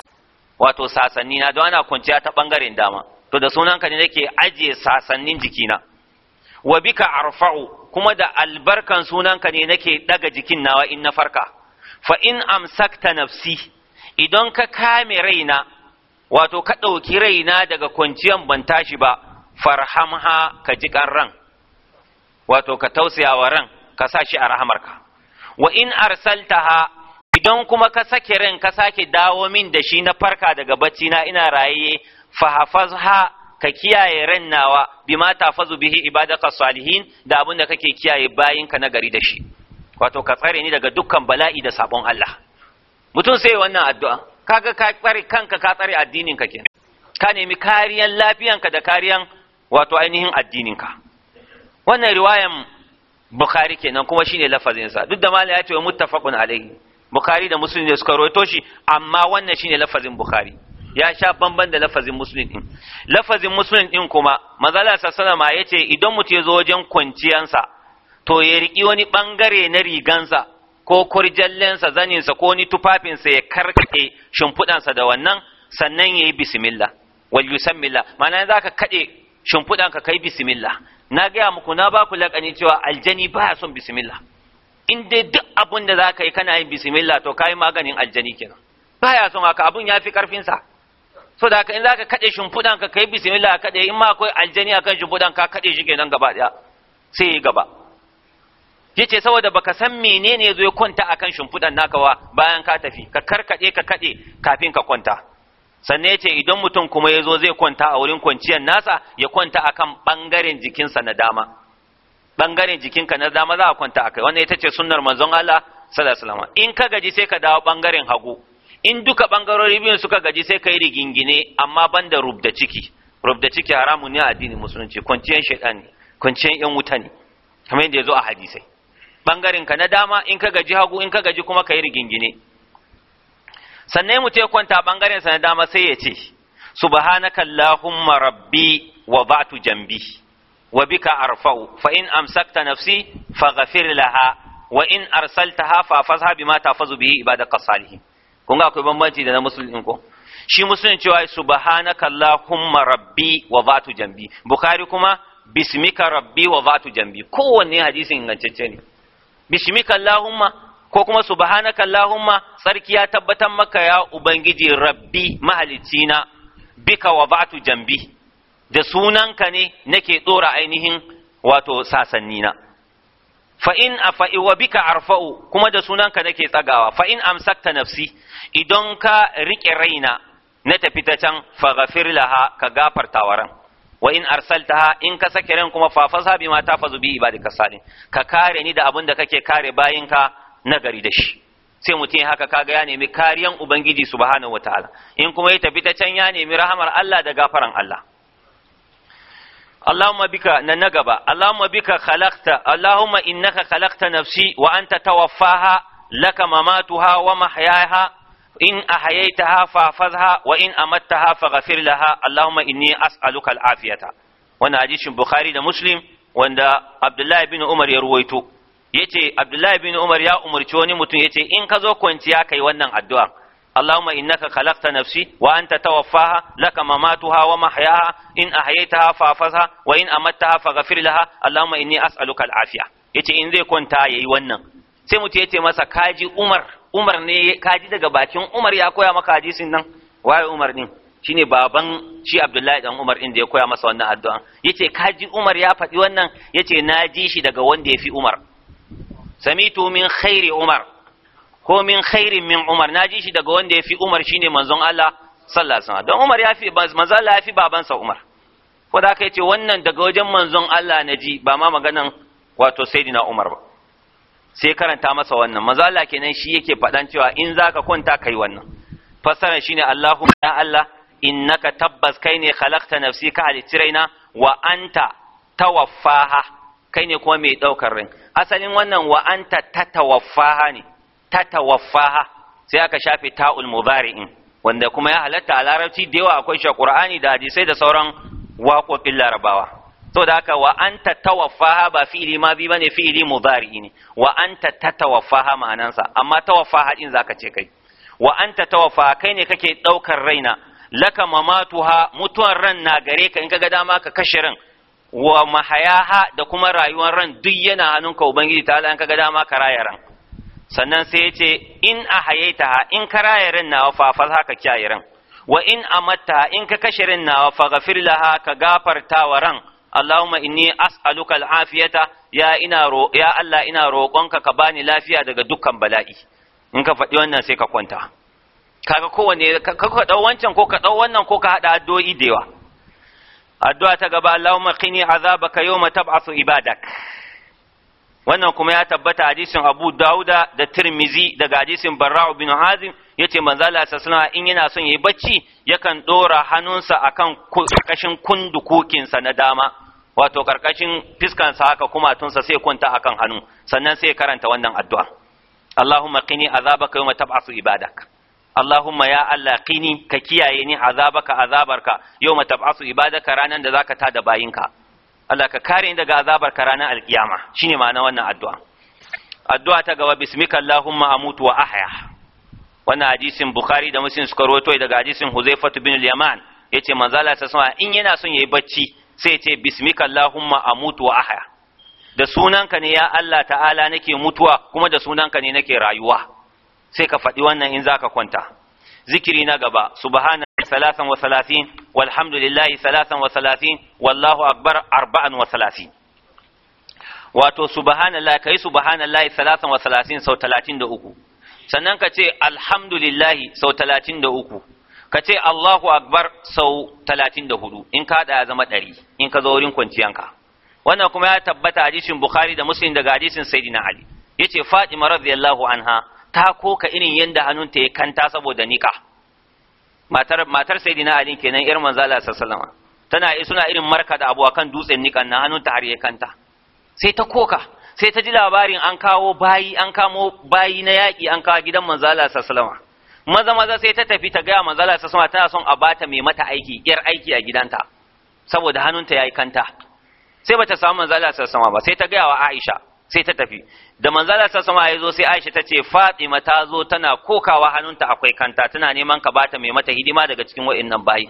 wato sasanni na don ana kwanciya ta bangaren dama to da sunanka ne nake ajiye sasannin jikina wa bika arfa'u kuma da albarkan sunanka ne nake ɗaga jikin nawa in na farka fa in amsakta nafsi idan ka kame raina wato ka ɗauki raina daga kwanciyan ban tashi ba farhamha ka ji ran wato ka tausaya wa ran ka sa shi a rahamarka wa in ha idan kuma ka sake ran ka sake dawo min da shi na farka daga bacci na ina raye fa ha ka kiyaye ran nawa bima tafazu bihi ibadaka salihin da abin da kake kiyaye bayin ka nagari da shi wato ka tsare ni daga dukkan bala'i da sabon Allah mutum sai wannan addu'a kaga ka tsare kanka ka tsare addinin ka kenan ka nemi kariyan lafiyanka da kariyan wato ainihin addinin ka wannan riwayan bukhari kenan kuma shine lafazin sa duk da malai ya ce wa muttafaqun alaihi bukhari da muslim ne suka rawaito shi amma wannan shine lafazin bukhari ya sha bamban da lafazin muslim din lafazin muslim din kuma manzala sallama yace idan mutum ya zo wajen kwanciyansa to ya riki wani bangare na rigansa ko kurjallensa zaninsa ko ni tufafinsa ya karkade shimfiɗansa da wannan sannan ya yi bismillah wal yusammila ma'ana za ka kaɗe shimfiɗanka kai bismillah na gaya muku na ba ku laƙani cewa aljani ba ya son bismillah in dai duk abun da za ka yi kana yin bismillah to ka yi maganin aljani kenan ya son haka abun ya fi ƙarfinsa so da haka in za ka kaɗe shimfiɗanka ka yi ka kaɗe in ma akwai aljani akan shimfiɗanka kaɗe shi kenan gaba ɗaya sai ya gaba yace saboda baka san menene yazo ya kwanta akan shimfidan naka wa bayan ka tafi ka karkade ka kade kafin ka kwanta sannan yace idan mutum kuma yazo zai kwanta a wurin kwanciyar nasa ya kwanta akan bangaren jikinsa na dama bangaren jikinka na dama za a kwanta akai wannan ita ce sunnar manzon Allah sallallahu alaihi wasallam in ka gaji sai ka dawo bangaren hagu in duka bangarori biyun suka gaji sai ka yi rigingine amma banda rubda ciki rubda ciki haramun ne a addinin musulunci kwanciyar shaidan ne kwanciyar yan wuta ne kamar yadda ya a hadisai bangaren na dama in ka gaji hagu in ka gaji kuma ka yi rigingine sannan mu ce kwanta bangaren sa na dama sai ya ce su ba subhanaka allahumma rabbi wa ba'tu jambi wa bika arfa'u fa in amsakta nafsi fa faghfir laha wa in arsaltaha fa fazha bima tafazu bihi ibadaka salihin kun ga akwai bambanci da na musulmin ko shi musulun cewa subhanaka allahumma rabbi wa ba'tu jambi bukhari kuma bismika rabbi wa ba'tu jambi kowanne hadisin ingantacce ne bishmika allahumma ko kuma subhanaka allahumma sarki ya tabbatar maka ya ubangiji rabbi mahalicina bika wa ba'tu jambi da sunanka ne nake dora ainihin wato sasannina fa in afa'i wa bika arfa'u kuma da sunanka nake tsagawa fa in amsakta nafsi idan ka rike raina na tafi ta can faghafir laha ka gafarta waran wa in arsaltaha in ka sake ran kuma fafasa ta tafazu bi ibadika salih ka kare ni da abin da kake kare bayinka nagari da shi sai mutum haka kaga ya nemi kariyan ubangiji subhanahu wataala in kuma ya tafi ta can ya nemi rahamar Allah da gafaran Allah اللهم بك ننجبا اللهم بك خلقت اللهم إنك خلقت نفسي وأنت توفاها لك مماتها ومحياها in ahayaitaha fafazha wa in amattaha faghfir laha allahumma inni as'aluka al'afiyata wannan hadisin bukhari da muslim wanda abdullahi bin umar ya ruwaito yace abdullahi bin umar ya umarci wani mutum yace in ka zo kwanciya kai wannan addu'a اللهم إنك خلقت نفسي وأنت توفاها لك مماتها ومحياها إن أحييتها فأفزها وإن أمتها فغفر لها اللهم inni أسألك العافية yace in zai kwanta yayi wannan sai mutum yace masa kaji Umar Umar ne kaji daga bakin Umar ya koya maka hadisin nan waye Umar din shine baban shi Abdullahi dan Umar inda da ya koya masa wannan addu'a yace kaji Umar ya faɗi wannan yace na ji shi daga wanda ya fi Umar samitu min khairi Umar ko min khairin min Umar na ji shi daga wanda ya fi Umar shine manzon Allah sallallahu alaihi wasallam don Umar ya fi manzon Allah ya fi babansa Umar ko da kai ce wannan daga wajen manzon Allah na ji ba ma maganan wato sayyidina Umar ba sai karanta masa wannan manzo Allah kenan shi yake faɗan cewa in zaka kwanta kai wannan fassara shine Allahumma ya Allah innaka tabbas kai ne khalaqta nafsi ka halittiraina wa anta tawaffaha kai ne kuma mai daukar rai asalin wannan wa anta tatawaffaha ne tatawaffaha sai aka shafe ta'ul mudari'in wanda kuma ya halatta a larabci da yawa akwai shi Qur'ani da hadisai da sauran waƙoƙin larabawa to da haka wa anta tawaffaha ba fi'ili madi bane fi'ili mudari ne wa anta tatawaffaha ma'anansa amma tawaffaha din zaka ce kai wa anta kai ne kake daukar raina laka mamatuha mutuwan ran na gare ka in kaga dama ka kashe ran wa mahayaha da kuma rayuwar ran duk yana hannunka ubangiji ta Allah in kaga dama ka raya ran sannan sai ya ce in ahayaitaha in ka raya ran nawa fa fa haka kiyaye ran wa in amatta in ka kashe ran nawa fa ghafir laha ka gafarta wa ran اللهم إني أسألك العافية ina إنا ya Allah ina إنا ka bani lafiya daga dukkan bala'i in ka faɗi wannan sai ka kwanta kaga kowanne ka ka dau wancan ko ka dau wannan ko ka hada addu'o'i da yawa addu'a ta gaba Allahumma qini azabaka yawma tab'asu ibadak wannan kuma ya tabbata hadisin Abu Dauda da Tirmizi daga hadisin Barra'u bin Hazim yace manzo Allah sallallahu in yana son yayi bacci yakan dora hannunsa akan karkashin kundukukinsa na dama wato karkashin fiskansa haka kuma tunsa sai kwanta akan hannu sannan sai karanta wannan addu'a Allahumma qini azabaka yawma tab'asu ibadak Allahumma ya Allah qini ka kiyaye ni azabaka azabarka yawma tab'asu ibadaka ranan da zaka tada bayinka Allah ka kare ni daga azabar ka ranar alkiyama shine ma'ana wannan addu'a addu'a ta gaba bismika allahumma amutu wa ahya wannan hadisin bukhari da muslim suka rawaito daga hadisin huzaifatu bin al-yaman yace manzo Allah sanwa in yana son yayi bacci sai yace bismika allahumma amutu wa ahya da sunanka ne ya Allah ta'ala nake mutuwa kuma da sunanka ne nake rayuwa sai ka faɗi wannan in zaka kwanta zikiri na gaba subhana salasan wa salasin walhamdulillahi salasan wa salasin wallahu akbar arba'an wa salasin wato subhanallah kai subhanallah salasan wa salasin sau talatin da uku sannan ka ce alhamdulillahi sau talatin da uku ka ce Allahu Akbar sau talatin da hudu in ka ya zama ɗari in ka zo wurin kwanciyanka wannan kuma ya tabbata hadisin Bukhari da Muslim daga hadisin Saidina Ali yace Fatima radiyallahu anha ta koka irin yadda hannunta ya kanta saboda niƙa matar matar sayyidina ali kenan irin manzo Allah sallallahu alaihi tana suna irin marka da abu akan dutsen nikan na hannunta har ya kanta sai ta koka sai ta ji labarin an kawo bayi an kamo bayi na yaƙi an kawo gidan manzo Allah sallallahu alaihi maza maza sai ta tafi ta gaya manzo Allah sallallahu alaihi tana son a bata mai mata aiki yar aiki a gidanta saboda hannunta yi kanta sai bata samu manzo Allah sallallahu alaihi ba sai ta gaya wa Aisha sai ta tafi da manzala ta sama ya zo sai Aisha ta ce Fatima ta zo tana kokawa hannunta akwai kanta tana neman ka bata mai mata hidima daga cikin wa'annan bayi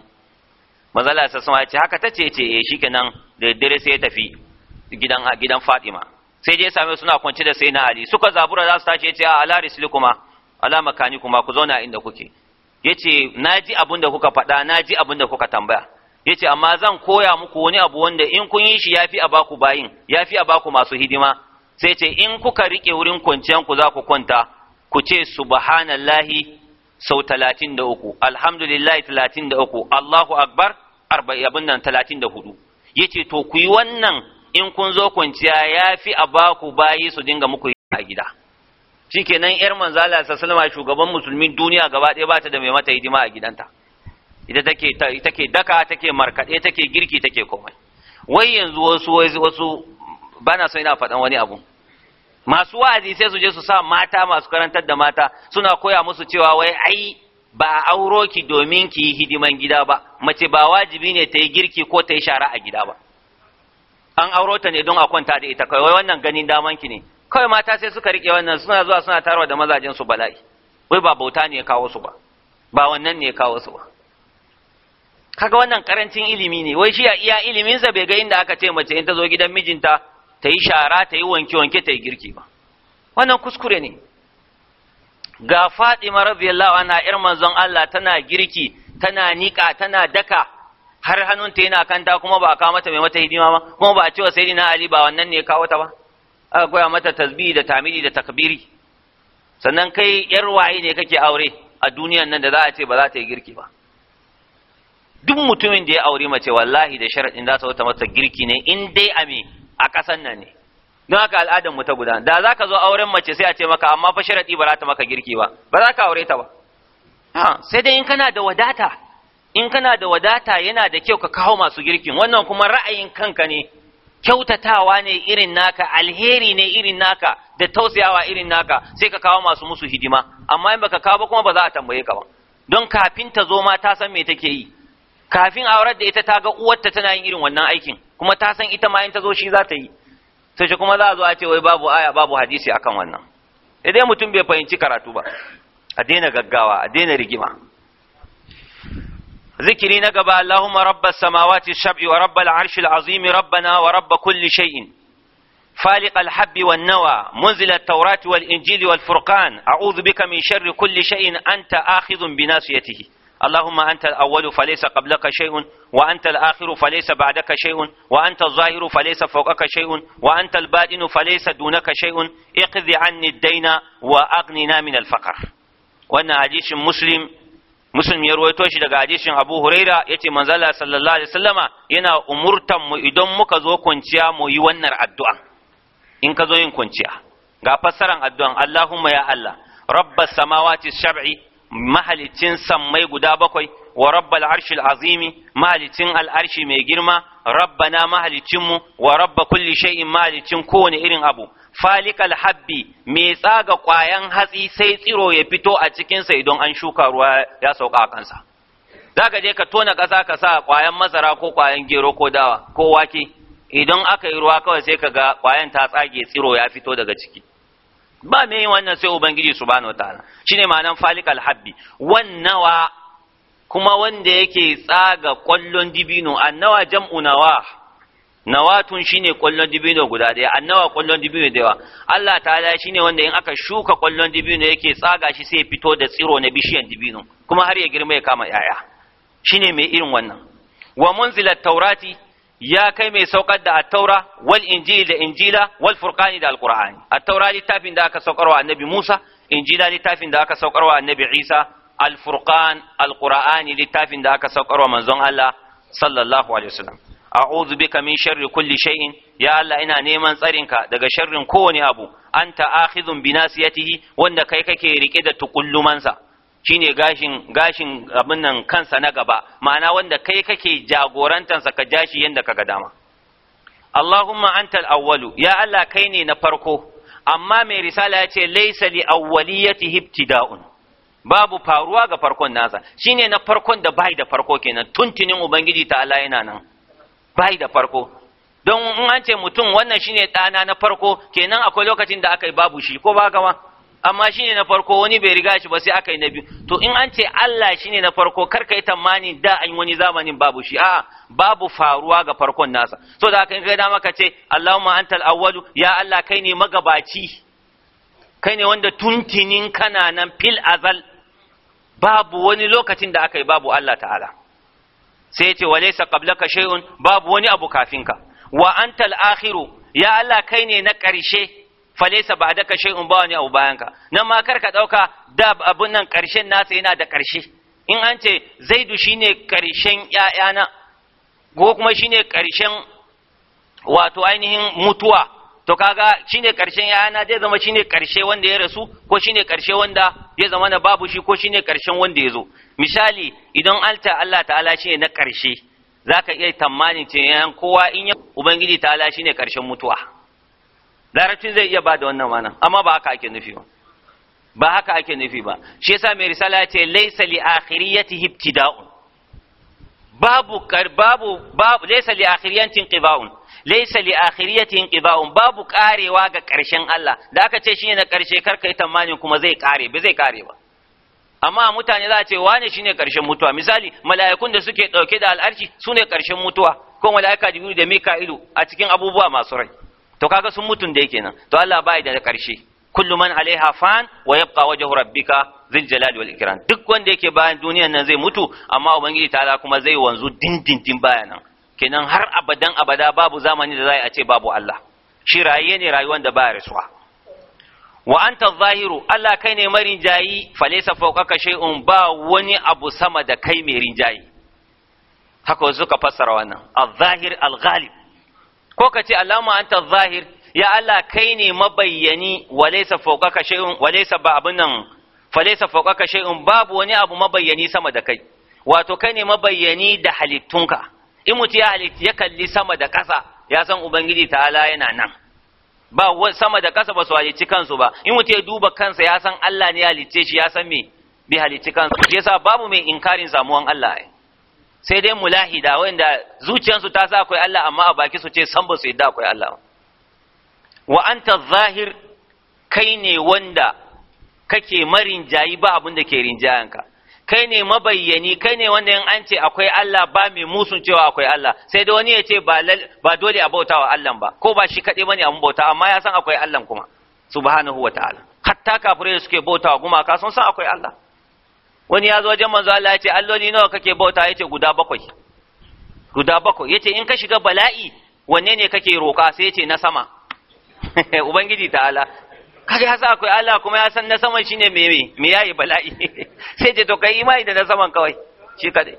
manzala ta sama ya ce haka ta ce ce eh shikenan da dare sai ya tafi gidan gidan Fatima sai je same suna kwance da sai na Ali suka zabura za su tashi ya ce a ala rislikuma ala kuma ku zauna inda kuke yace naji abin da kuka faɗa naji abin da kuka tambaya yace amma zan koya muku wani abu wanda in kun yi shi yafi a baku bayin yafi a baku masu hidima sai ce in kuka rike wurin kwanciyanku za ku kwanta ku ce subhanallahi sau talatin da uku alhamdulillahi talatin da uku allahu akbar arba'in abin nan talatin da hudu ya ce to ku yi wannan in kun zo kwanciya ya fi a baku bayi su dinga muku yi a gida nan yar manzala salama shugaban musulmin duniya gaba ɗaya ba ta da mai mata hidima a gidanta ita take take daka take markaɗe take girki take komai wai yanzu wasu wasu ba na so ina faɗan wani abu masu wa'azi sai su je su sa mata masu karantar da mata suna koya musu cewa wai ai ba a auro ki domin ki yi hidiman gida ba mace ba wajibi ne ta yi girki ko ta yi shara a gida ba an auro ta ne don a kwanta da ita kai wai wannan ganin daman ki ne kawai mata sai suka rike wannan suna zuwa suna tarwa da mazajen su bala'i wai ba bauta ne ya kawo su ba ba wannan ne ya kawo su ba kaga wannan karancin ilimi ne wai shi a iya iliminsa bai ga inda aka ce mace in ta zo gidan mijinta ta yi shara ta yi wanke-wanke ta yi girki ba wannan kuskure ne ga fatima rabiyallahu ana yar manzon Allah tana girki tana nika tana daka har ta yana kanta kuma ba ka mata mai mata hidima ba kuma ba a cewa sayyidina Ali ba wannan ne ya kawo ta ba aka goya mata tasbihi da tamidi da takbiri sannan kai yar waye ne kake aure a duniyan nan da za a ce ba za ta yi girki ba duk mutumin da ya aure mace wallahi da sharadin za ta wata mata girki ne in dai a me a ƙasan nan ne don haka al'adar mu ta guda. da za ka zo auren mace sai a ce maka amma fa sharaɗi ba za ta maka girki ba ba za ka aure ta ba sai dai in kana da wadata in kana da wadata yana da kyau ka kawo masu girkin wannan kuma ra'ayin kanka ne kyautatawa ne irin naka alheri ne irin naka da tausayawa irin naka sai ka kawo masu musu hidima amma in baka kawo ba kuma ba za a tambaye ka ba don kafin ta zo ma ta san me take yi kafin aurar da ita ta ga uwarta tana yin irin wannan aikin kuma ta san ita ma in ta zo shi za ta yi sai shi kuma za a zo a ce wai babu aya babu hadisi akan wannan idan mutum bai fahimci karatu ba a daina gaggawa a daina rigima zikiri na gaba Allahumma rabbas samawati shab'i wa rabbal arshil العرش rabbana wa rabb kulli shay'in فالق الحب والنوى منزل التوراة والإنجيل والفرقان أعوذ بك من شر كل شيء أنت آخذ بناصيته اللهم أنت الأول فليس قبلك شيء وأنت الآخر فليس بعدك شيء وأنت الظاهر فليس فوقك شيء وأنت البادن فليس دونك شيء اقض عني الدين وأغننا من الفقر وأن حديث مسلم muslim ya ruwaito shi daga hadisin abu huraira ya ce manzala sallallahu alaihi sallama yana umurtan mu idan muka zo kwanciya mu yi wannan addu'a in ka zo yin kwanciya ga fassaran addu'an allahumma ya allah rabbas samawati shab'i mahalicin sammai guda bakwai wa rabbal arshil azimi mahalicin al'arshi mai girma rabbana mahalicinmu wa rabba kulli shay'in mahalicin kowane irin abu falikal habbi mai tsaga kwayan hatsi sai tsiro ya fito a cikinsa idan an shuka ruwa ya sauka a kansa za ka je ka tona ƙasa ka sa kwayan masara ko kwayan gero ko dawa ko wake idan aka yi ruwa kawai sai ka ga kwayan ta tsage tsiro ya fito daga ciki ba mai yin wannan sai ubangiji subhanahu wataala shine ma'anan falikal habbi wannawa kuma wanda yake tsaga kwallon dibino annawa jam'u nawa nawatun shine kwallon dibino guda daya annawa kwallon dibino da yawa Allah ta'ala shine wanda in aka shuka kwallon dibino yake tsaga shi sai fito da tsiro na bishiyan dibino kuma har ya girma ya kama yaya shine mai irin wannan wa munzilat taurati ya kai mai saukar da attaura wal da injila wal furqani da alqur'ani attaura littafin da aka saukarwa annabi Musa injila littafin da aka saukarwa annabi Isa Al-Qur'ani, littafin da aka saukarwa manzon Allah sallallahu alaihi wasallam a'udhu bika min sharri kulli shay'in ya Allah ina neman tsarinka daga sharrin kowane abu anta akhidhun bi nasiyatihi wanda kai kake rike da tukullumansa shine gashin gashin abin nan kansa na gaba ma'ana wanda kai kake jagorantansa ka jashi yanda ga dama Allahumma antal awwalu ya Allah kai ne na farko amma mai risala ya ce laysa li awwaliyatihi ibtida'un babu faruwa ga farkon nasa shine na farkon da bai da farko kenan tuntunin ubangiji ta Allah yana nan bai da farko don in an ce mutum wannan shine ɗana na farko kenan akwai lokacin da aka yi babu shi ko ba gawa amma shi ne na farko wani bai riga shi ba sai aka yi na biyu to in an ce Allah shi ne na farko kar ka yi tamani da an wani zamanin babu shi a'a babu faruwa ga farkon nasa so da aka in kai dama ka ce Allahumma antal awwalu ya Allah kai ne magabaci kai ne wanda tuntinin kana nan fil azal babu wani lokacin da aka yi babu Allah ta'ala sai ya ce walaysa qablaka shay'un babu wani abu kafinka wa antal akhiru ya Allah kai ne na ƙarshe Falesa ba daka shay'un ba a abu bayanka nan ma kar ka dauka da abun nan karshen nasa yana da karshe in an ce zaidu shine karshen ƴaƴana ko kuma shine karshen wato ainihin mutuwa to kaga shine karshen ƴaƴana zai zama shine karshe wanda ya rasu ko shine karshe wanda ya zama na babu shi ko shine karshen wanda ya zo misali idan alta Allah ta'ala shine na karshe zaka iya tamanin cewa kowa in ya ubangiji ta'ala shine karshen mutuwa larabcin zai iya ba da wannan mana amma ba haka ake nufi ba ba haka ake nufi ba shi yasa mai risala ce laysa li akhiriyati ibtida'un babu kar babu babu laysa li akhiriyatin qida'un laysa li akhiriyatin babu karewa ga karshen Allah da aka ce shine na karshe kar kai tamanin kuma zai kare ba zai kare ba amma mutane za a ce wane shine karshen mutuwa misali mala'ikun da suke dauke da al'arshi sune karshen mutuwa ko mala'ika jibril da mika'ilu a cikin abubuwa masu rai to kaga sun mutun da kenan to Allah bai da karshe kullu man alaiha fan wa yabqa wajhu rabbika zil jalali wal ikram duk wanda yake bayan duniyan nan zai mutu amma ubangiji ta'ala kuma zai wanzu dindindin nan. kenan har abadan abada babu zamani da zai a ce babu Allah shi rayiye ne rayuwar da baya rasuwa wa anta zahiru Allah kai ne marin jayi falaysa fawqaka shay'un ba wani abu sama da kai mai rinjayi haka suka fassara wannan al-zahir al-ghalib ko ka ce Allahumma anta zahir ya Allah kai ne mabayyani walaysa fawqaka shay'un walaysa ba abun nan falaysa fawqaka shay'un babu wani abu mabayyani sama da kai wato kai ne mabayyani da halittunka in mutu ya halitti ya kalli sama da ƙasa ya san ubangiji ta'ala yana nan ba sama da ƙasa ba su halicci kansu ba in mutu ya duba kansa ya san Allah ne ya halicce shi ya san me bi halicci kansa shi yasa babu mai inkarin samuwan Allah ai sai dai mulahida wanda zuciyarsu ta sa akwai Allah amma a baki su ce san ba su yadda akwai Allah wa anta zahir kai ne wanda kake marin jayi ba abin da ke rinjayanka kai ne mabayyani kai ne wanda in an ce akwai Allah ba mai musun cewa akwai Allah sai da wani ya ce ba dole a bauta wa Allah ba ko ba shi kaɗai bane a bauta amma ya san akwai Allah kuma subhanahu wata'ala ta'ala hatta kafirai suke bauta wa gumaka sun san akwai Allah wani ya zo wajen manzo Allah ya ce alloli nawa kake bauta yace guda bakwai guda bakwai yace in ka shiga bala'i wanne ne kake roka sai yace na sama ubangiji ta'ala kage ya sa akwai Allah kuma ya san na saman shine me me me yayi bala'i sai ce to kai imani da na saman kawai shi kadai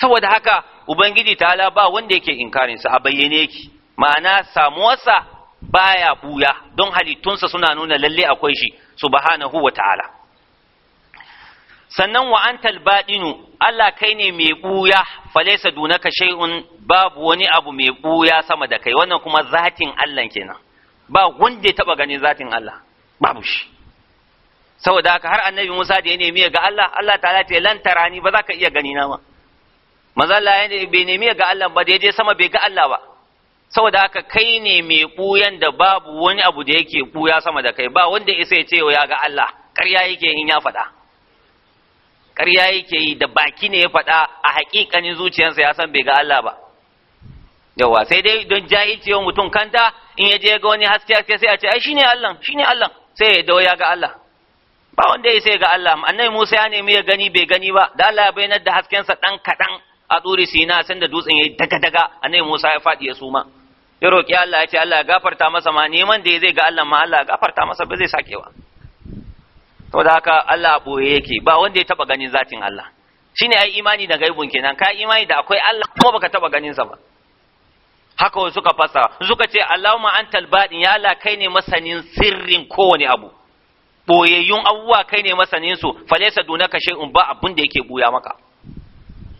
saboda haka ubangiji ta'ala ba wanda yake inkarin sa a bayyane yake ma'ana samuwarsa baya buya don halittunsa suna nuna lalle akwai shi subhanahu wa ta'ala sannan wa antal baɗinu Allah kai ne mai buya falaisa dunaka shay'un babu wani abu mai buya sama da kai wannan kuma zatin Allah kenan ba wanda ya taɓa ganin zatin Allah babu shi saboda haka har annabi Musa da ya nemi ga Allah Allah ta'ala ce lan tarani ba za ka iya gani na ma mazalla Allah ya bai nemi ga Allah ba da ya je sama bai ga Allah ba saboda haka kai ne mai buyan da babu wani abu da yake buya sama da kai ba wanda isa ya ce ya ga Allah ƙarya yake in ya faɗa ƙarya yake yi da baki ne ya faɗa a haƙiƙanin zuciyarsa ya san bai ga Allah ba yawa sai dai don jahilci wa mutum kanta in ya je ga wani haske haske sai a ce ai shine Allah shine Allah sai ya dawo ya ga Allah ba wanda ya sai ga Allah annabi Musa ya nemi ya gani bai gani ba da Allah ya bayyana da hasken sa dan kaɗan a tsuri sina sanda dutsen yayi daga daga annabi Musa ya faɗi ya suma ya roki Allah ya ce Allah ya gafarta masa ma neman da ya zai ga Allah ma Allah ya gafarta masa ba zai sakewa da haka Allah a ɓoye yake ba wanda ya taɓa ganin zatin Allah shine ai imani da gaibun kenan ka imani da akwai Allah kuma baka taɓa ganin sa ba haka wasu suka fasa suka ce Allahumma antal baɗin ya Allah kai ne masanin sirrin kowane abu boyayyun abubuwa kai ne masanin su falesa dunaka shay'un ba abun da yake buya maka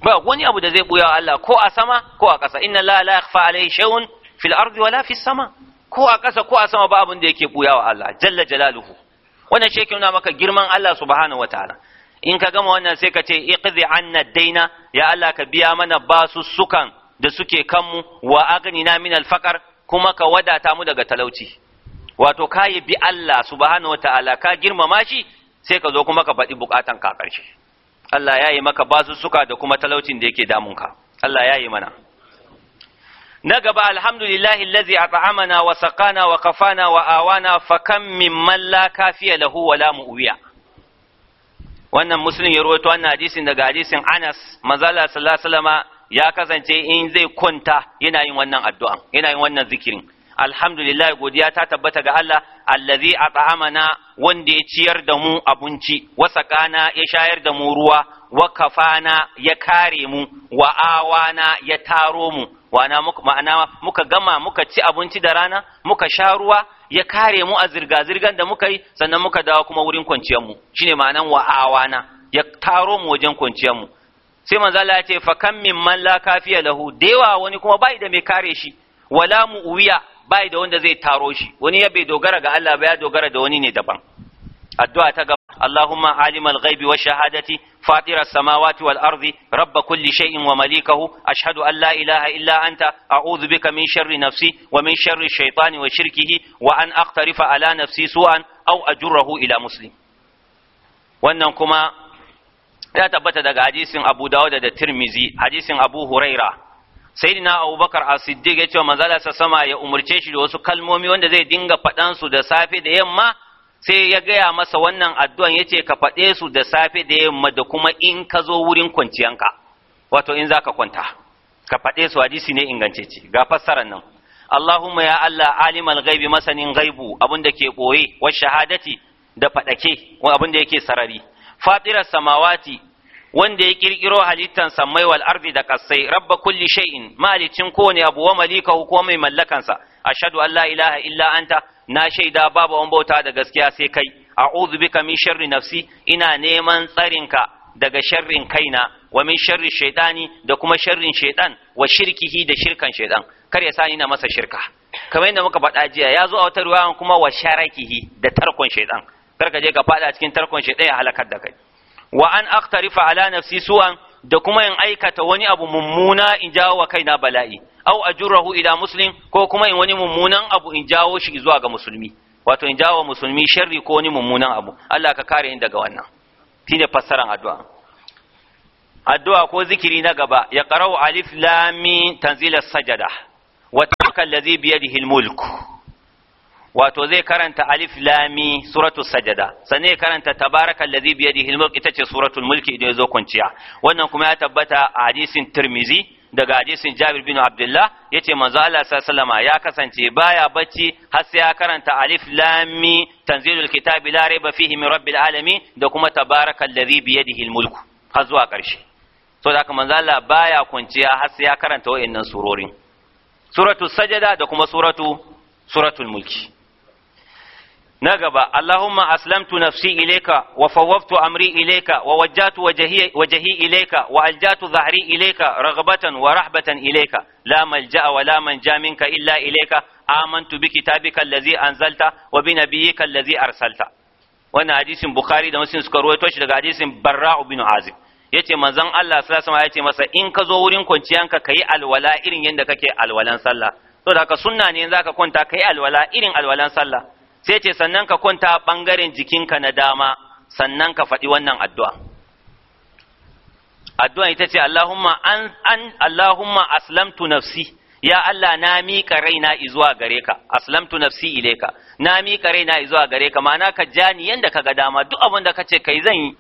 ba wani abu da zai buya wa Allah ko a sama ko a ƙasa inna la la yakhfa alayhi shay'un fil ardi wala fis sama ko a ƙasa ko a sama ba abun da yake buya wa Allah jalla jalaluhu wannan shi ke nuna maka girman Allah subhanahu wataala in ka gama wannan sai ka ce iqdi anna daina ya Allah ka biya mana basussukan da suke kanmu wa aghnina min alfaqar kuma ka wadata mu daga talauci wato ka bi Allah subhanahu wataala ka girmama shi sai ka zo kuma ka faɗi bukatan ka ƙarshe Allah ya yi maka basussuka da kuma talaucin da yake damunka Allah ya yi mana na gaba alhamdulillahi a at'amana wa saqana wa kafana wa awana fa kan min man la kafiya lahu wa la wannan muslim ya rawaito wannan hadisin daga hadisin Anas manzala sallallahu alaihi ya kasance in zai kwanta yana yin wannan addu'an yana yin wannan zikirin alhamdulillah godiya ta tabbata ga Allah allazi at'amana wanda ya ciyar da mu abinci wa sakana ya shayar da mu ruwa wa kafana ya kare mu wa awana ya taro mu wana muka ma'ana muka gama muka ci abinci da rana muka sha ruwa ya kare mu a zirga zirgan da muka yi sannan muka dawo kuma wurin kwanciyar mu shine ma'anan wa awana ya taro mu wajen kwanciyar mu sai manzo Allah ya ce fa kam min man la kafiya lahu dewa wani kuma bai da mai kare shi wala mu uwiya bai da wanda zai taro shi wani ya bai dogara ga Allah ba ya dogara da wani ne daban addu'a ta gaba Allahumma alimal ghaibi wa shahadati fatira samawati wal ardi rabb kulli shay'in wa malikahu ashhadu an la ilaha illa anta a'udhu bika min sharri nafsi wa min sharri shaytani wa shirkihi wa an aqtarifa ala nafsi su'an aw ajurrahu ila muslim wannan kuma ya tabbata daga hadisin Abu Dawud da Tirmizi hadisin Abu Huraira sayyidina abubakar as-siddiq yace manzala sa sama ya umurce shi da wasu kalmomi wanda zai dinga faɗan su da safe da yamma sai ya gaya masa wannan addu'an yace ka faɗe su da safe da yamma da kuma in ka zo wurin kwanciyanka wato in zaka kwanta ka faɗe su hadisi ne ingance ce ga fassarar nan Allahumma ya Allah alimal ghaibi masanin ghaibu da ke boye wa shahadati da faɗake ko da yake sarari fatirar samawati wanda ya kirkiro halittan samai wal ardi da kasai rabba kulli shay'in malikin kowane abu wa malika ko mai sa ashhadu an la ilaha illa anta na shaida babu wani bauta da gaskiya sai kai a'udhu bika min sharri nafsi ina neman tsarin ka daga sharrin kaina wa min sharri shaytani da kuma sharrin shaytan wa shirkihi da shirkan shaytan kar ya sani na masa shirka kamar yadda muka faɗa jiya ya zo a wata ruwa kuma wa sharakihi da tarkon shaytan kar ka je ka faɗa cikin tarkon shaytan ya halakar da kai wa an aqtarifa ala nafsi su'an da kuma in aikata wani abu mummuna in jawo wa kaina bala'i aw ajurrahu ila muslim ko kuma in wani mummunan abu in jawo shi zuwa ga musulmi wato in jawo musulmi sharri ko wani mummunan abu Allah ka kare ni daga wannan shine fassaran addu'a addu'a ko zikiri na gaba ya qara'u alif lam mim tanzilas sajada wa tawakkal ladhi bi yadihi al-mulk wato zai karanta alif lami suratul sajada sannan ya karanta tabaraka ladhi bi yadihi ita ce suratul mulki idan zo kwanciya wannan kuma ya tabbata a hadisin tirmizi daga hadisin jabir bin abdullah yace manzo Allah sallallahu ya kasance baya bacci har sai ya karanta alif lami tanzilul kitabi la raiba fihi min rabbil alamin da kuma tabarakal ladhi bi yadihi almulk har zuwa karshe so da haka manzo Allah baya kwanciya har sai ya karanta wa'annan surorin suratul sajada da kuma suratu suratul mulki na gaba Allahumma aslamtu nafsi ilayka wa fawwaftu amri ilayka wa wajjatu wajhi wajhi ilayka wa aljatu dhahri ilayka raghbatan wa rahbatan ilayka la malja'a wa la manja minka illa ilayka amantu bi kitabika allazi anzalta wa bi nabiyyika allazi arsalta wannan hadisin bukhari da muslim suka ruwaito shi daga hadisin barra'u bin azib yace manzon Allah sallallahu alaihi wasallam ce masa in ka zo wurin kwanciyanka kayi alwala irin yanda kake alwalan sallah to da haka sunna ne zaka kwanta yi alwala irin alwalan sallah sai ce sannan ka kwanta ɓangaren jikinka na dama sannan ka faɗi wannan addu'a addu'a ita ce Allahumma aslamtu nafsi ya Allah na miƙa raina izuwa gare ka aslamtu nafsi ileka na miƙa raina izuwa gare ka ma'ana ka ja ni yadda ka ga dama duk abin da kace kai zan yi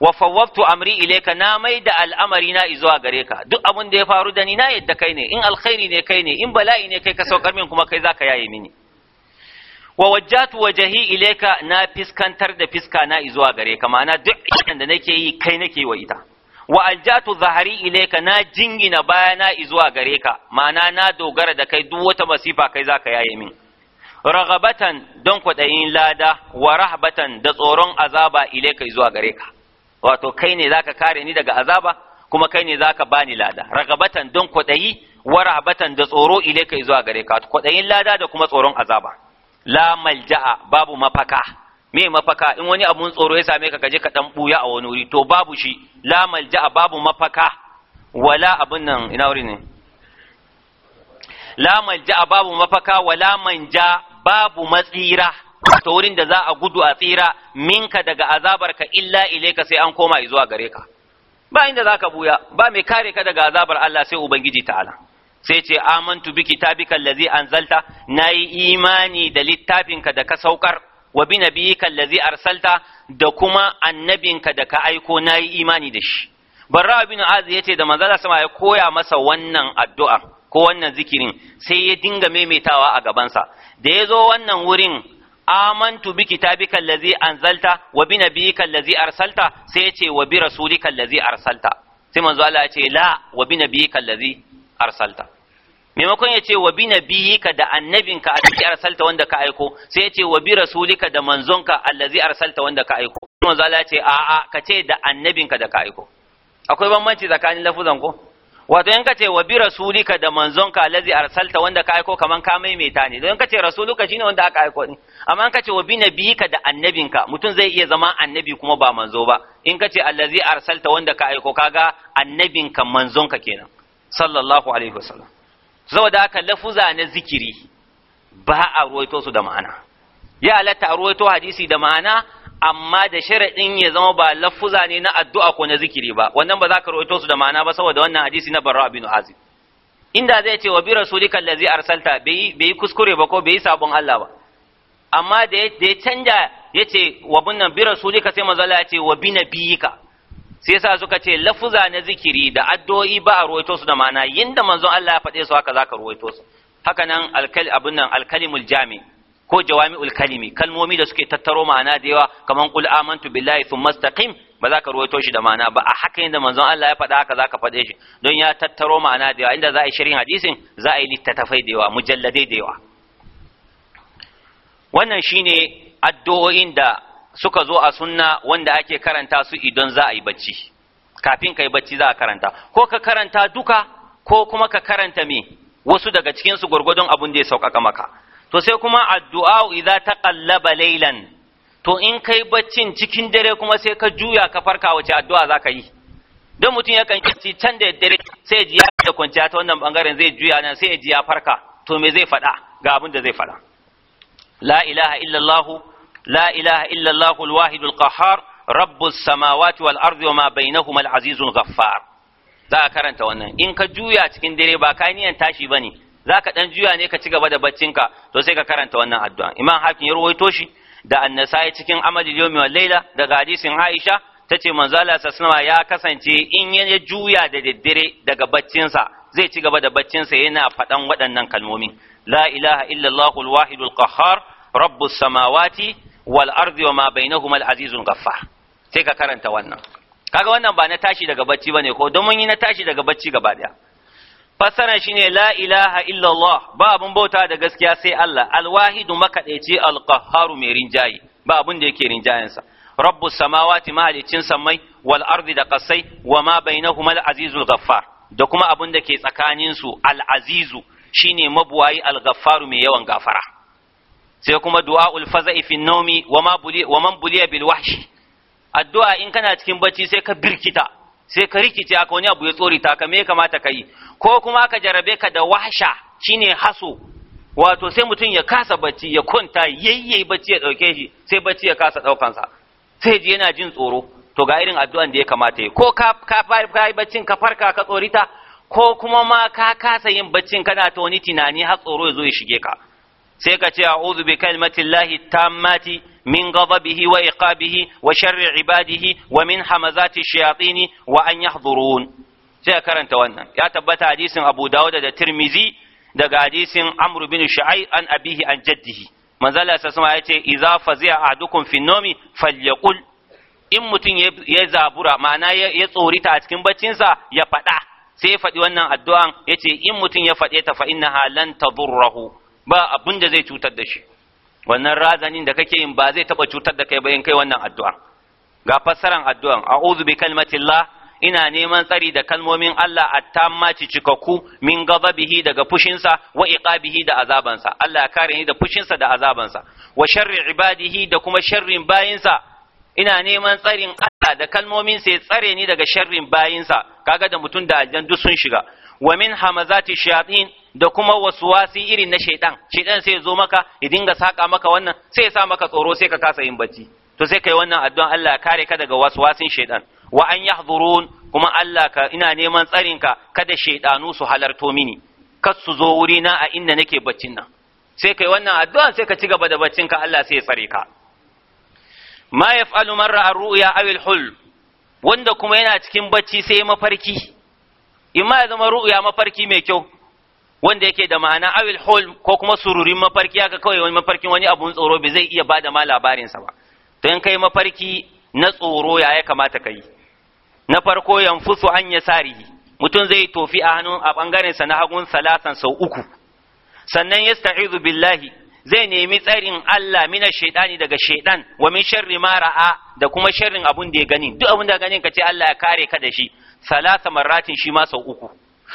wa fawwabtu amri ileka na mai da al'amari na izuwa gare ka duk abin da ya faru da ni na yadda kai ne in alkhairi ne kai ne in bala'i ne kai ka saukar min kuma kai zaka yaye mini wa wajjatu wajhi ilayka na fiskantar da fiska na izuwa gare ka ma'ana duk idan da nake yi kai nake wa ita wa aljatu zahari ilayka na jingina bayana izuwa gare ka ma'ana na dogara da kai duk wata masifa kai zaka yaye min ragabatan don kwaɗayin lada wa rahbatan da tsoron azaba ilayka izuwa gare ka wato kai ne zaka kare ni daga azaba kuma kai ne zaka bani lada ragabatan don kwaɗayi wa rahbatan da tsoro ilayka izuwa gare ka kwaɗayin lada da kuma tsoron azaba la malja'a babu mafaka me mafaka in wani abun tsoro ya same ka kaje ka dan buya a wani wuri to babu shi la malja'a babu mafaka wala abun nan ina wuri ne la malja'a babu mafaka wala manja babu matsira to wurin da za a gudu a tsira minka daga azabar ka illa ilaika sai an koma zuwa gare ka ba inda za buya ba mai kare ka daga azabar Allah sai Ubangiji ta'ala sai ce amantu bi kitabika allazi anzalta nayi imani da littafinka da ka saukar wa bi nabiyika allazi arsalta da kuma annabinka da ka aiko nayi imani da shi barra bin azi yace da manzala sama ya koya masa wannan addu'a ko wannan zikirin sai ya dinga maimaitawa a gabansa da ya zo wannan wurin amantu bi kitabika allazi anzalta wa bi nabiyika allazi arsalta sai ya ce wa bi rasulika allazi arsalta sai manzo Allah ya ce la wa bi nabiyika allazi arsalta maimakon ya ce wa bi na ka da annabinka a cikin arsalta wanda ka aiko sai ya ce wa bi rasulika da manzonka allazi arsalta wanda ka aiko manzo Allah ya ce a a ka ce da annabinka da ka aiko akwai bambanci tsakanin lafuzan ko wato in ka ce wa bi rasulika da manzonka allazi arsalta wanda ka aiko kaman ka maimaita ne don ka ce rasuluka shine wanda aka aiko ne amma in ka ce wa bi nabiyika da annabinka mutum zai iya zama annabi kuma ba manzo ba in ka ce allazi arsalta wanda ka aiko kaga annabinka manzonka kenan sallallahu alaihi wasallam da haka lafuza na zikiri ba a ruwaito su da ma'ana ya halatta a ruwaito hadisi da ma'ana amma da sharaɗin ya zama ba lafuza ne na addu'a ko na zikiri ba wannan ba za ka ruwaito su da ma'ana ba saboda wannan hadisi na barra bin azib inda zai ce wa bi rasulika allazi arsalta bai bai kuskure ba ko bai sabon Allah ba amma da ya canja yace wa bunnan bi rasulika sai manzo Allah ya ce wa bi nabiyika sai yasa suka ce lafuza na zikiri da addu'o'i ba a ruwaito su da ma'ana yinda manzon Allah ya faɗe su haka zaka ruwaito su haka nan alkal abun nan alkalimul jami ko jawami'ul kalimi kalmomi da suke tattaro ma'ana da yawa kamar qul amantu billahi thumma istaqim ba za ka ruwaito shi da ma'ana ba a haka yadda manzon Allah ya faɗa haka za ka faɗe shi don ya tattaro ma'ana da yawa inda za a yi shirin hadisin za a yi littattafai da yawa mujalladai da yawa wannan shine addu'o'in da suka zo a sunna wanda ake karanta su idan za a yi bacci kafin ka yi bacci za a karanta ko ka karanta duka ko kuma ka karanta me wasu daga cikin su abin abun da ya sauƙaƙa maka to sai kuma addu'a idza taqallaba laylan to in kai baccin cikin dare kuma sai ka juya ka farka wace addu'a zaka ka yi don mutum yakan kici can da dare sai ji ya da kwanciya ta wannan bangaren zai juya nan sai ji ya farka to me zai faɗa ga abin da zai faɗa la ilaha illallah la ilaha illallah alwahidul qahhar rabbus samawati wal ardi wa ma bainahuma alazizul za ka karanta wannan in ka juya cikin dare ba ka niyan tashi bane za ka dan juya ne ka ci gaba da baccinka to sai ka karanta wannan addu'a imam hakim ya rawaito shi da annasai cikin amali yomi wal laila daga hadisin aisha tace manzo Allah sallallahu ya kasance in ya juya da daddare daga baccinsa zai ci gaba da baccinsa yana faɗan waɗannan kalmomin la ilaha illallah alwahidul qahhar rabbus samawati wal ardi wa ma bainahuma sai ka karanta wannan kaga wannan ba na tashi daga bacci bane ko domin yi na tashi daga bacci gaba daya fassara shine la ilaha illallah ba abun bauta da gaskiya sai Allah alwahidu makadaici alqahharu mai rinjayi ba abun da yake rinjayensa rabbu samawati mahalicin samai, wal ardi da kasai wama ma bainahuma al-azizul ghaffar da kuma abun da ke tsakanin su al-azizu shine mabuwayi al-ghaffaru mai yawan gafara sai kuma du'a'ul faza'i fi nawmi wa man buliya bil wahshi addu'a in kana cikin bacci sai ka birkita sai ka rikice aka wani abu ya tsori ta ka me kamata ka yi ko kuma aka jarabe ka da wahsha shine haso wato sai mutum ya kasa bacci ya kwanta yayye bacci ya dauke shi sai bacci ya kasa daukan sa sai ji yana jin tsoro to ga irin addu'an da ya kamata yi ko ka ka kai baccin ka farka ka tsorita ko kuma ma ka kasa yin baccin kana ta wani tunani har tsoro ya zo ya shige ka sai ka ce a'udhu bi kalimatillahi tammati min ghadabihi wa iqabihi wa sharri ibadihi wa min hamazati shayatin wa an yahdurun sai karanta wannan ya tabbata hadisin Abu Dawud da Tirmizi daga hadisin Amr bin Shu'aib an abihi an jaddihi manzala sa sama yace idza fazi'a ahadukum fi nomi falyaqul in mutum ya zabura ma'ana ya tsorita a cikin baccinsa ya faɗa sai ya faɗi wannan addu'an yace in mutum ya faɗe ta fa innaha lan tadurruhu ba abin da zai cutar da shi wannan razanin da kake yin ba zai taba cutar da kai ba in kai wannan addu'a ga fassaran addu'an a'udhu bi kalmatillah ina neman tsari da kalmomin Allah attamma ci cikakku min ghadabihi daga fushinsa wa iqabihi da azabansa Allah ya kare ni da fushinsa da azabansa wa sharri ibadihi da kuma sharrin bayinsa ina neman tsarin Allah da kalmomin sai tsare ni daga sharrin bayinsa kaga da mutum da aljan duk sun shiga wa min hamazati shayatin da kuma wasuwasi irin na shaidan shaidan sai zo maka ya dinga saka maka wannan sai ya sa maka tsoro sai ka kasa yin bacci to sai kai wannan addu'an Allah ya kare ka daga waswasin shaidan wa an yahdurun kuma Allah ka ina neman tsarin ka kada shaidanu su halarto mini kas su zo wuri na a inda nake baccin nan sai kai wannan addu'a sai ka ci gaba da baccin ka Allah sai ya tsare ka ma yaf'alu marra ar-ru'ya aw al wanda kuma yana cikin bacci sai mafarki ma ya zama ru'ya mafarki mai kyau wanda yake da ma'ana awil hol ko kuma sururin mafarki haka kawai wani mafarkin wani abun tsoro bai zai iya bada ma labarinsa ba to in kai mafarki na tsoro ya ya kamata ka yi na farko yanfusu an ya sarihi mutum zai tofi a hannun a bangaren sa na hagun salasan sau uku sannan yasta'izu billahi zai nemi tsarin Allah mina shaidani daga shaidan wa min sharri ma ra'a da kuma sharrin abun da ya gani duk abun da ganin ka ce Allah ya kare ka da shi salasa marratin shi ma sau uku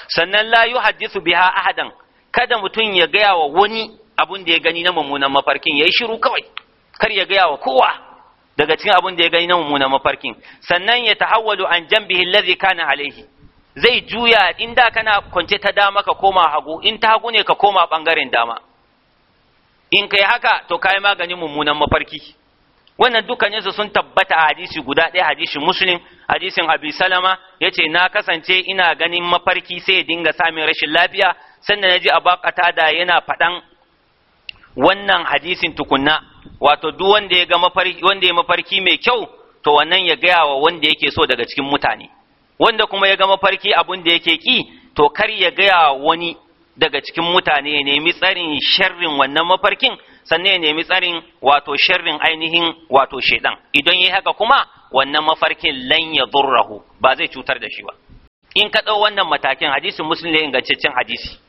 sannan la hadisu biha ahadan kada mutum ya gaya wa wani abun da ya gani na mummunan mafarkin yayi shiru kawai kar ya gaya wa kowa daga cikin abun da ya gani na mummunan mafarkin sannan ya tahawwalu an janbihi allazi kana alaihi zai juya in da kana kwance ta dama ka koma hagu in ta hagu ne ka koma bangaren dama in kai haka to kai maganin mummunan mafarki wannan dukkaninsu sun tabbata a hadisi guda ɗaya hadisin muslim hadisin abi salama ya ce na kasance ina ganin mafarki sai ya dinga samun rashin lafiya sannan na ji a bakata da yana faɗan wannan hadisin tukunna wato duk wanda ya ga mafarki wanda ya mafarki mai kyau to wannan ya gaya wa wanda yake so daga cikin mutane wanda kuma ya ga mafarki abun da yake ki to kar ya gaya wani daga cikin mutane ya nemi tsarin sharrin wannan mafarkin sannan ya nemi tsarin wato sharrin ainihin wato shaidan idan yayi haka kuma wannan mafarkin lan ya durrahu ba zai cutar da shi ba in ka ɗau wannan matakin hadisin muslim ne cikin hadisi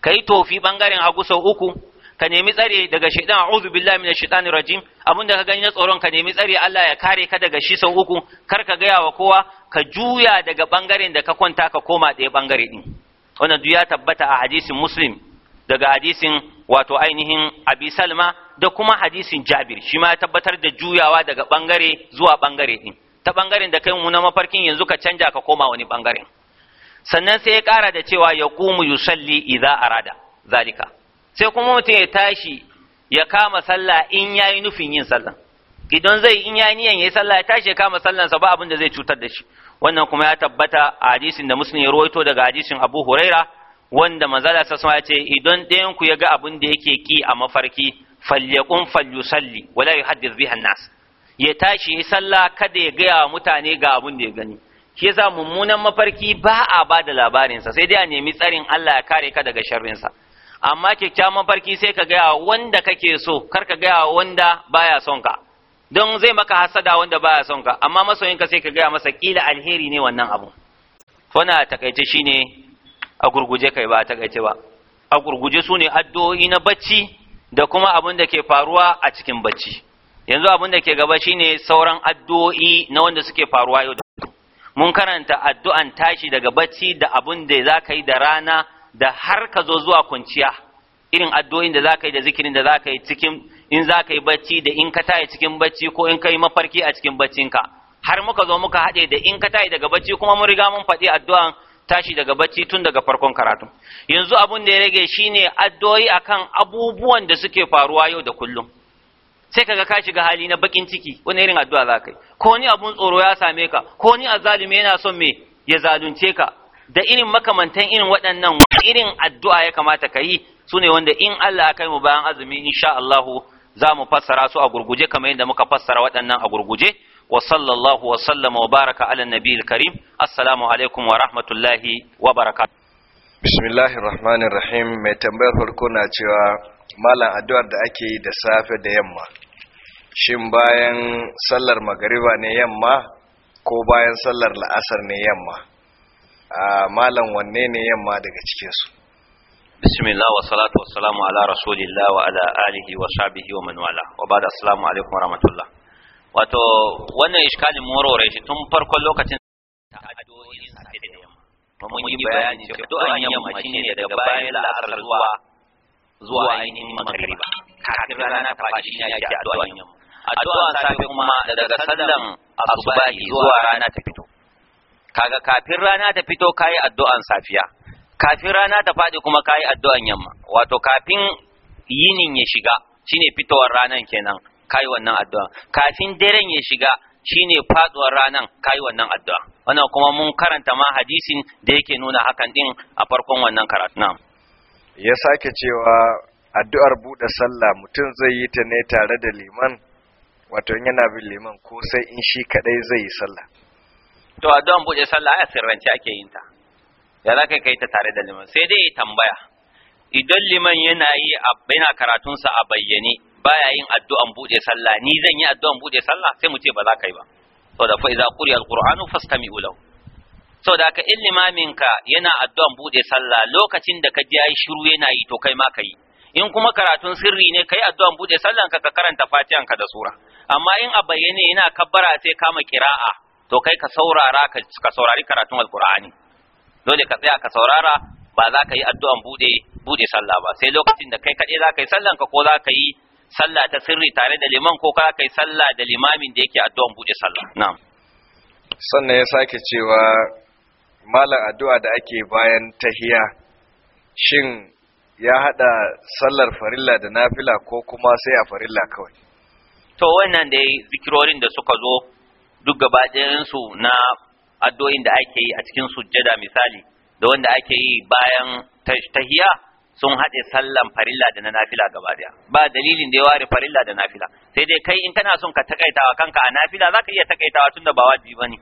ka yi tofi bangaren hagu sau uku ka nemi tsare daga shaidan a'udhu billahi minash shaitani rajim abin da ka gani na tsoron ka nemi tsare Allah ya kare ka daga shi sau uku kar ka gaya wa kowa ka juya daga bangaren da ka kwanta ka koma ɗaya bangare din wannan duk ya tabbata a hadisin muslim daga hadisin wato ainihin abi salma da kuma hadisin jabir shi ma ya tabbatar da juyawa daga bangare zuwa bangare din ta bangaren da kai mu na mafarkin yanzu ka canja ka koma wani bangaren sannan sai ya kara da cewa ya qumu yusalli idza arada zalika sai kuma mutum ya tashi ya kama sallah in yayi nufin yin sallah idan zai in yayi niyan yayi sallah ya tashi ya kama sallansa ba abin da zai cutar da shi wannan kuma ya tabbata a hadisin da muslim ya rawaito daga hadisin abu huraira wanda manzala ta sama ya ce idan ɗayan ku ya ga abin da yake ki a mafarki falyakun falyusalli wala yuhaddith biha nas ya tashi ya sallah kada ya gaya wa mutane ga abin da ya gani shi yasa mummunan mafarki ba a ba da labarinsa sai dai a nemi tsarin Allah ya kare ka daga sharrinsa amma kyakkyawan mafarki sai ka gaya wanda kake so kar ka gaya wanda baya son ka don zai maka hasada wanda baya son ka amma masoyinka sai ka gaya masa kila alheri ne wannan abu fana takaice shine a gurguje kai ba a takaice ba a gurguje su addu'o'i na bacci da kuma abin da ke faruwa a cikin bacci yanzu abin da ke gaba shine sauran addu'o'i na wanda suke faruwa yau da mun karanta addu'an tashi daga bacci da abin da za ka yi da rana da har ka zo zuwa kwanciya irin addu'o'in da za ka yi da zikirin da za ka yi cikin in za ka yi bacci da in ka tayi cikin bacci ko in ka yi mafarki a cikin baccinka har muka zo muka haɗe da in ka tayi daga bacci kuma mun riga mun faɗi addu'an tashi daga bacci tun daga farkon karatu yanzu abun da ya rage shine addu'o'i akan abubuwan da suke faruwa yau da kullum sai kaga ka shiga hali na bakin ciki wani irin addu'a za ka yi ko ni abun tsoro ya same ka ko ni azalimi yana son me ya zalunce ka da irin makamantan irin waɗannan irin addu'a ya kamata ka yi sune wanda in Allah ya kai mu bayan azumi insha Allah za mu fassara su a gurguje kamar yadda muka fassara waɗannan a gurguje wa sallallahu wa sallama wa karim assalamu alaikum wa rahmatullahi wa barakatuh bismillahir rahmanir rahim mai tambayar farko na cewa malam addu'ar da ake yi da safe da yamma shin bayan sallar magariba ne yamma ko bayan sallar la'asar ne yamma a malam wanne ne yamma daga cikin su salatu wa salamu ala rasulillah ala alihi wa wa wala wa ba'da alaikum wa rahmatullah wato wannan iskalin morore shi tun farkon lokacin addu'o'in safe da yamma to mun yi bayani cewa do'an yamma shine daga bayan la'asar zuwa zuwa ainihin magriba kafin rana ta faɗi shine ake addu'an yamma addu'an safe kuma daga sallan asubahi zuwa rana ta fito kaga kafin rana ta fito kai addu'an safiya kafin rana ta faɗi kuma kai addu'an yamma wato kafin yinin ya shiga shine fitowar ranan kenan kai wannan addu'a kafin daren ya shiga shine faduwar ranan kai wannan addu'a wannan kuma mun karanta ma hadisin da yake nuna hakan din a farkon wannan karatu na ya sake cewa addu'ar buɗe sallah mutum zai yi ta ne tare da liman wato yana bin liman ko sai in shi kadai zai yi sallah to addu'an buɗe sallah a sirrance ake yin ta ya za kai ta tare da liman sai dai tambaya idan liman yana yi yana karatunsa a bayyane baya yin addu'an bude sallah ni zan yi addu'an bude sallah sai mu ce ba za ka yi ba saboda fa idza quriya alqur'anu fastami'u lahu saboda ka illimamin ka yana addu'an bude sallah lokacin da ka ji ai shiru yana yi to kai ma ka yi in kuma karatun sirri ne kai addu'an bude sallah ka ka karanta fatihan ka da sura amma in a bayyane yana kabbara sai kama kira'a to kai ka saurara ka saurari karatun alqur'ani dole ka tsaya ka saurara ba za ka yi addu'an bude bude sallah ba sai lokacin da kai kaɗai za ka yi sallan ka ko za ka yi sallah ta sirri tare da liman ko ka kai sallah da limamin da yake addu'an bude sallah na'am sannan ya sake cewa malam addu'a da ake bayan tahiya shin ya hada sallar farilla da nafila ko kuma sai a farilla kawai to wannan da zikirorin da suka zo duk gaba su na addu'o'in da ake yi a cikin sujjada misali da wanda ake yi bayan tahiya sun haɗe sallan farilla da na nafila gaba daya ba dalilin da ya ware farilla da nafila sai dai kai in kana son ka takaitawa kanka a nafila za ka iya takaitawa tunda ba wajibi ba ne.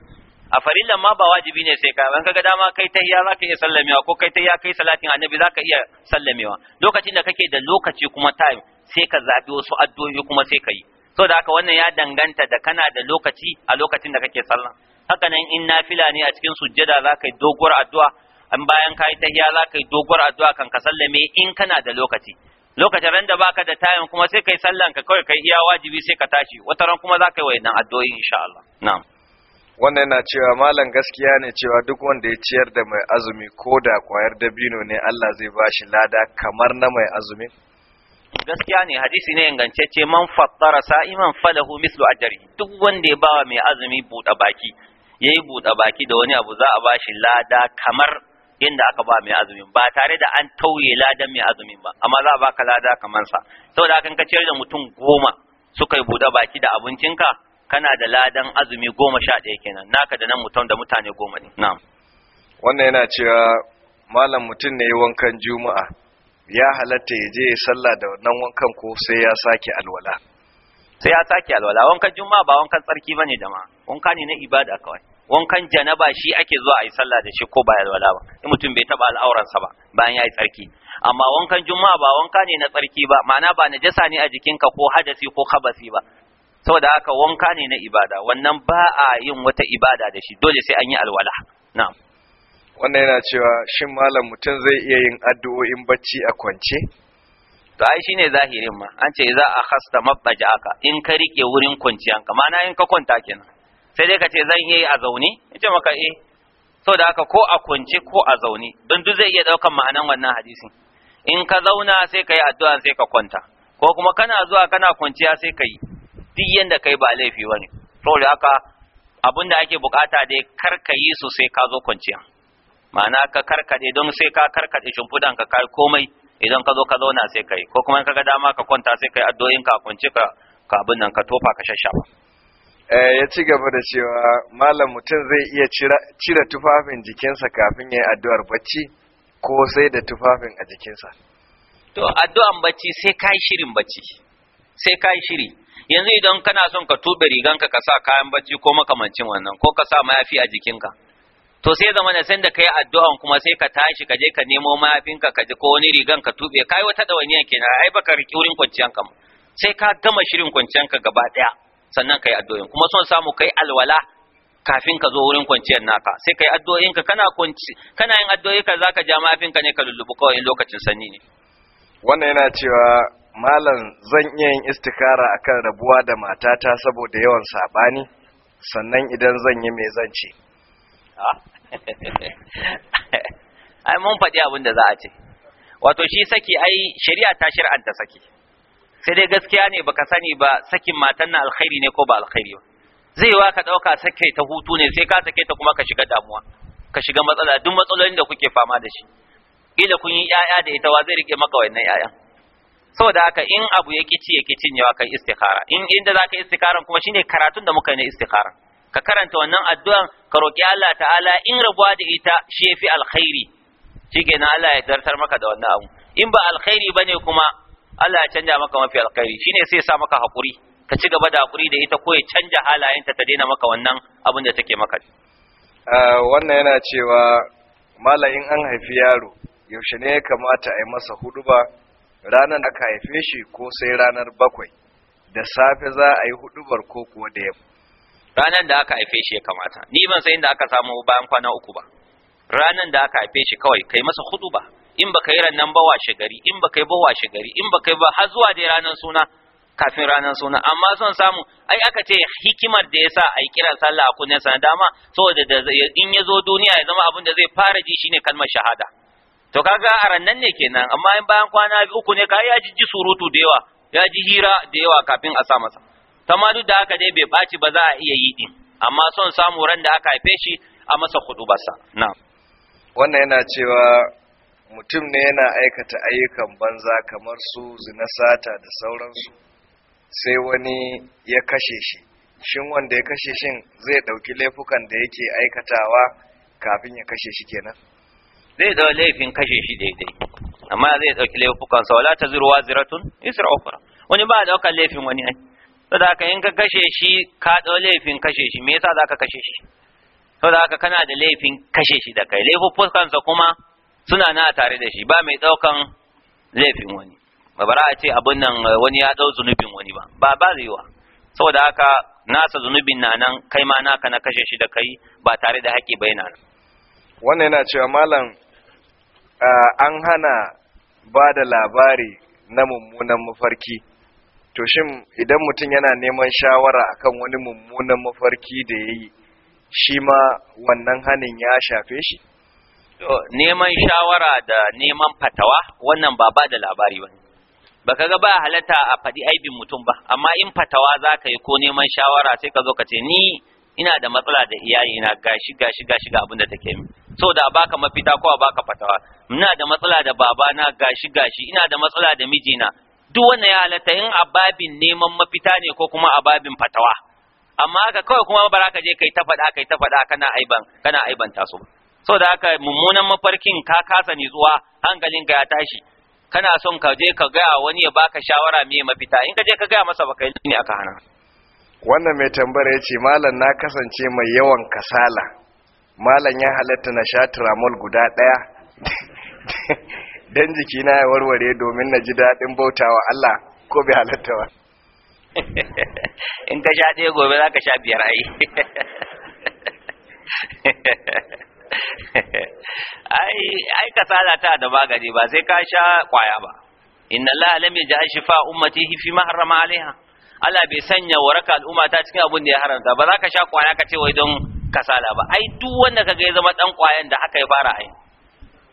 a farillan ma ba wajibi ne sai ka ban ga dama kai ta za ka iya sallamewa ko kai ta iya kai salatin annabi za ka iya sallamewa lokacin da kake da lokaci kuma time sai ka zabi wasu addu'o'i kuma sai ka yi so da haka wannan ya danganta da kana da lokaci a lokacin da kake sallah haka nan in nafila ne a cikin sujjada ka yi doguwar addu'a An bayan ka yi tahiya za ka yi doguwar addu'a kan ka sallame in kana da lokaci lokacin ran da baka da tayin kuma sai kai sallan ka kawai kai iya wajibi sai ka tashi wata ran kuma za ka yi wayannan addu'o'i insha Allah na'am wannan yana cewa malam gaskiya ne cewa duk wanda ya ciyar da mai azumi ko da kwayar dabino ne Allah zai bashi lada kamar na mai azumi gaskiya ne hadisi ne ingantacce man fattara sa'iman falahu mislu ajri duk wanda ya bawa mai azumi buɗe baki yayi buɗe baki da wani abu za a bashi lada kamar yadda aka ba mai azumin ba tare da an tauye ladan mai azumin ba amma za a baka lada kamar sa saboda hakan ka ciyar da mutum goma suka yi buɗe baki da abincinka kana da ladan azumi goma sha ɗaya kenan naka da nan mutum da mutane goma ne na'am wannan yana cewa malam mutum ne wankan juma'a ya halatta ya je ya sallah da wannan wankan ko sai ya sake alwala sai ya sake alwala wankan juma'a ba wankan tsarki bane jama'a wanka ne na ibada kawai wankan janaba shi ake zuwa a yi sallah da shi ko ba ya alwala ba in mutum bai taba al'auransa ba bayan ya yi tsarki amma wankan juma'a ba wanka ne na tsarki ba ma'ana ba na jasa ne a jikinka ko hadasi ko khabasi ba saboda haka wanka ne na ibada wannan ba a yin wata ibada da shi dole sai an yi alwala na'am wannan yana cewa shin malam mutum zai iya yin addu'o'in bacci a kwance to ai shine zahirin ma an ce za a khasta mabbaja aka in ka rike wurin kwanciyanka ma'ana in ka kwanta kenan sai dai ka ce zan iya yi a zaune in ce maka eh so da haka ko a kunce ko a zaune don duk zai iya ɗaukan ma'anan wannan hadisin in ka zauna sai ka yi addu'a sai ka kwanta ko kuma kana zuwa kana kwanciya sai ka yi duk yanda kai ba laifi bane da haka abin da ake bukata dai ka yi su sai ka zo kwanciya ma'ana ka karkade don sai ka karkade shimfudan ka kai komai idan ka zo ka zauna sai ka yi. ko kuma ka ga dama ka kwanta sai ka kai addu'o'in ka kwance ka ka abin nan ka tofa ka shashafa Eh, ya ci gaba da cewa malam mutum zai iya cire tufafin jikinsa kafin ya yi addu'ar bacci ko sai da tufafin a jikinsa to addu'an bacci sai ka yi shirin bacci sai ka yi shiri yanzu idan kana son ka tuɓe riganka ka sa kayan bacci ko makamancin wannan ko ka sa mayafi a jikinka to sai zama da sanda ka yi addu'an kuma sai ka tashi ka je ka nemo mayafinka ka ji ko wani rigan ka tuɓe. Ka yi wata da kenan, yankin ai baka riƙe wurin kwanciyanka sai ka gama shirin kwanciyanka gaba ɗaya. sannan kai addu'o'in kuma son samu kai alwala kafin ka zo wurin kwanciyar naka sai kai addu'o'in ka kana kwanci kana yin addu'o'i ka zaka ja mafin ka ne ka lullubu kawai lokacin sanyi ne wannan yana cewa malam zan iya yin istikara akan rabuwa da matata saboda yawan sabani sannan idan zan yi mai zan ce ah. ai mun faɗi abin da za a ce wato shi saki ai shari'a ta shir'anta saki sai dai gaskiya ne baka sani ba sakin matan na alkhairi ne ko ba alkhairi ba zai wa ka dauka sake ta hutu ne sai ka sake ta kuma ka shiga damuwa ka shiga matsala duk matsalolin da kuke fama da shi ila kun yi yaya da ita wa zai rike maka wannan yaya saboda haka in abu ya kici ya kicin yawa kai istikhara in inda zaka istikharan kuma shine karatun da muka yi na istikharan ka karanta wannan addu'an ka roki Allah ta'ala in rabuwa da ita shi yafi alkhairi shikenan Allah ya zartar maka da wannan abu in ba alkhairi bane kuma Allah ya canja maka mafi alkhairi shine sai ya sa maka hakuri ka ci gaba da hakuri da ita ko ya canja halayenta ta daina maka wannan abin da take maka ah, wannan yana cewa malamin an haifi yaro yaushe ne ya kamata a yi masa huduba ranar aka haife shi ko sai ranar bakwai da safe za a yi hudubar ko kuwa da yamma ranar da aka haife shi ya kamata ni ban san inda aka samu bayan kwana uku ba ranar da aka haife shi kawai kai masa huduba in baka yi rannan ba washe gari in baka yi ba washe gari in baka yi ba har zuwa dai ranar suna kafin ranar suna amma son samu ai aka ce hikimar da yasa a yi kiran sallah a kunnen sana dama saboda in ya zo duniya ya zama abin da zai fara ji shine kalmar shahada to kaga a rannan ne kenan amma in bayan kwana uku ne ka ya ji surutu da yawa ya ji hira da yawa kafin a sa masa tamma duk da haka dai bai ɓaci ba za a iya yi din amma son samu ran da aka haife shi a masa kudu basa na wannan yana cewa mutum ne yana aikata ayyukan banza kamar su zina sata da sauransu sai wani ya kashe shi shin wanda ya kashe shin zai dauki laifukan da yake aikatawa kafin ya kashe shi kenan zai dauki laifin kashe shi daidai amma zai dauki laifukan sa wala tazuru waziratun isra ukhra wani ba daukan laifin wani ai saboda ka in ka kashe shi ka dau laifin kashe shi me yasa zaka kashe shi saboda haka kana da laifin kashe shi da kai laifukan sa kuma suna na tare da shi ba mai daukan laifin wani ba bara a ce abin nan eh, wani ya dau zunubin wani ba ba ba wa saboda haka nasa zunubin na nan kai ma naka na kashe shi da kai ba tare da haƙƙi bai nan wannan yana cewa malam eh, an hana ba da labari na mummunan mafarki to shin idan mutum yana neman shawara akan wani mummunan mafarki da ya yi shi ma wannan hanin ya shafe shi Oh, neman shawara da neman fatawa wannan ba ba da labari ba baka ga ba halatta a faɗi aibin mutum ba amma in fatawa za ka yi ko neman shawara sai ka zo ka ce ni ina da matsala da iyalina gashi gashi gashi ga abin da take min so da baka mafita ko baka fatawa ina da matsala da babana gashi gashi ina da matsala da mijina duk wannan ya halatta in ababin neman mafita ne ko kuma ababin fatawa amma haka kawai kuma ba ka je kai ta faɗa kai ta faɗa kana aiban kana aibanta su ba so da haka mummunan mafarkin ka kasa nitsuwa hankalin ka ya tashi kana son ka je ka gaya wani ya baka shawara me mafita in ka je ka gaya masa baka yi ne aka hana wannan mai tambara ya ce malam na kasance mai yawan kasala malam ya halatta na sha tramol guda ɗaya jiki jikina ya warware domin na ji daɗin bautawa Allah ko bai halatta ba in ka sha ɗaya gobe za ka sha biyar ai ai ai kasala ta da magani ba sai ka sha kwaya ba inna allaha lam yaj'al shifa ummatihi fi ma harrama alaiha Allah bai sanya waraka al'umma ta cikin abin da ya haramta ba za ka sha kwaya ka ce wai don kasala ba ai duk wanda kaga ya zama dan kwayan da haka ya fara ai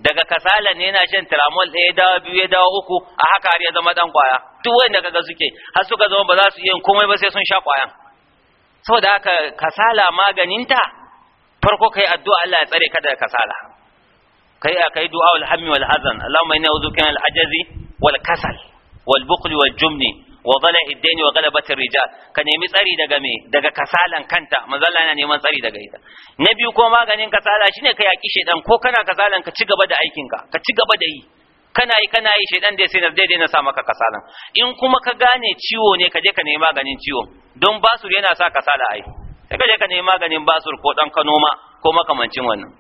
daga kasala ne yana shan tramol ɗaya dawa biyu ya dawa uku a haka har ya zama dan kwaya duk wanda kaga suke har suka zama ba za su iya komai ba sai sun sha kwayan saboda haka kasala maganinta farko kai addu'a Allah ya tsare ka daga kasala kai a kai du'a wal hammi wal hazan Allahumma inna a'udhu bika min al ajazi wal kasal wal buql wal jumni wa ad wa ar-rijal ka nemi tsari daga me daga kasalan kanta manzo Allah yana neman tsari daga ita na biyu ko maganin kasala shine ka yaki shedan ko kana kasalan ka ci gaba da aikin ka ka ci gaba da yi kana yi kana yi shedan dai sai na daidai na sa maka kasalan in kuma ka gane ciwo ne ka je ka nemi maganin ciwo don basur yana sa kasala ai sai ka je ka nemi maganin basur ko dan kano ma ko makamancin wannan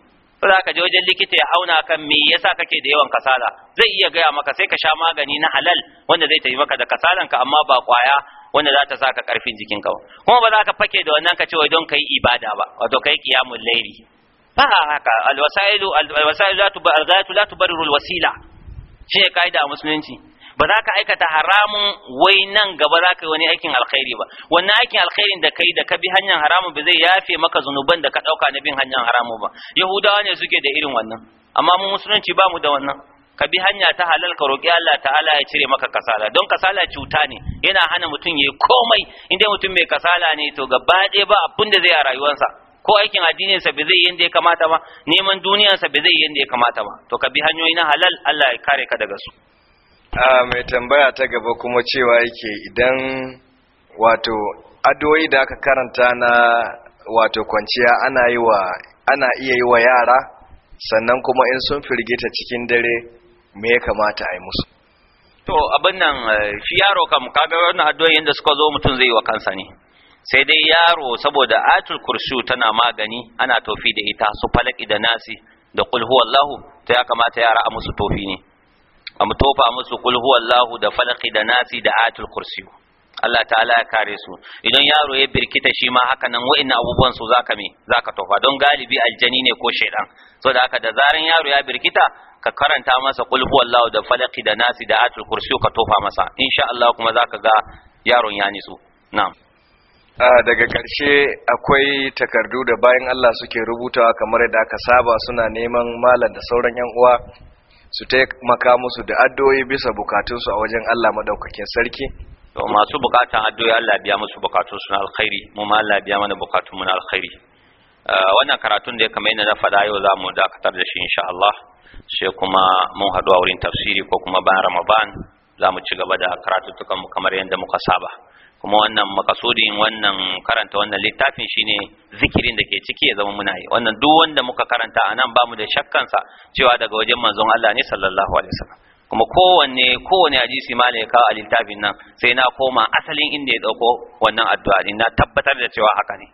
to za ka je wajen likita ya auna kan me yasa kake da yawan kasala zai iya gaya maka sai ka sha magani na halal wanda zai tafi maka da kasalan ka amma ba kwaya wanda za ta saka karfin jikin ka kuma ba za ka fake da wannan ka ce wai don kai ibada ba wato kai qiyamul layli ba haka alwasailu alwasailu la tubarru alwasila shi ne kaida a musulunci ba za ka aikata haramun wai nan gaba za ka yi wani aikin alkhairi ba wannan aikin alkhairin da kai da ka bi hanyar haramun ba zai yafe maka zunuban da ka ɗauka na bin hanyar haramun ba yahudawa ne suke da irin wannan amma mu musulunci ba mu da wannan ka bi hanya ta halal ka roƙi Allah ta'ala ya cire maka kasala don kasala cuta ne yana hana mutum yayi komai inda mutum mai kasala ne to gaba ɗaya ba abin da zai a rayuwarsa ko aikin sa bai zai yanda ya kamata ba neman duniyarsa bai zai yanda ya kamata ba to ka bi hanyoyi na halal Allah ya kare ka daga su a mai tambaya ta gaba kuma cewa yake idan wato adoyi da aka karanta na wato kwanciya ana yi wa ana iya yi wa yara sannan kuma in sun firgita cikin dare me ya kamata a yi musu to abin nan eh, shi yaro kam kaga wannan adoyi da suka zo mutum zai yi wa kansa ne sai dai yaro saboda atul kursu tana magani ana tofi da ita su falaki da nasi da kulhu wallahu ta ya kamata yara a musu tofi ne a mu tofa musu kul huwallahu da falaki da nasi da atul kursi Allah ta'ala ya kare su idan yaro ya birkita shi ma haka nan wa'annan abubuwan su zaka me zaka tofa don galibi aljani ne ko shaidan so haka da zaran yaro ya birkita ka karanta masa kul huwallahu da falaki da nasi da atul kursi ka tofa masa insha Allah kuma zaka ga yaron ya nisu na'am ah, daga ƙarshe akwai takardu da bayan Allah suke rubutawa kamar yadda aka saba suna neman malam da sauran 'yan uwa su taimaka musu da addu'o'i bisa bukatunsu a wajen Allah madaukakin sarki to masu bukatan addu'o'i Allah biya musu bukatun su na alkhairi mu ma Allah biya mana bukatun mu na alkhairi eh, wannan karatun da ya kamar yadda na faɗa yau za mu dakatar da shi insha Allah sai kuma mun haɗu a wurin tafsiri ko kuma bayan Ramadan za mu ci gaba da karatuttukan mu kamar yadda muka saba kuma wannan makasudin wannan karanta wannan littafin shine zikirin da ke ciki ya zama muna yi wannan duk wanda muka karanta anan bamu da shakkan sa cewa daga wajen manzon Allah ne sallallahu alaihi wasallam kuma kowanne kowanne hadisi mala ya kawo a nan sai na koma asalin inda ya dauko wannan addu'a din na tabbatar da cewa haka ne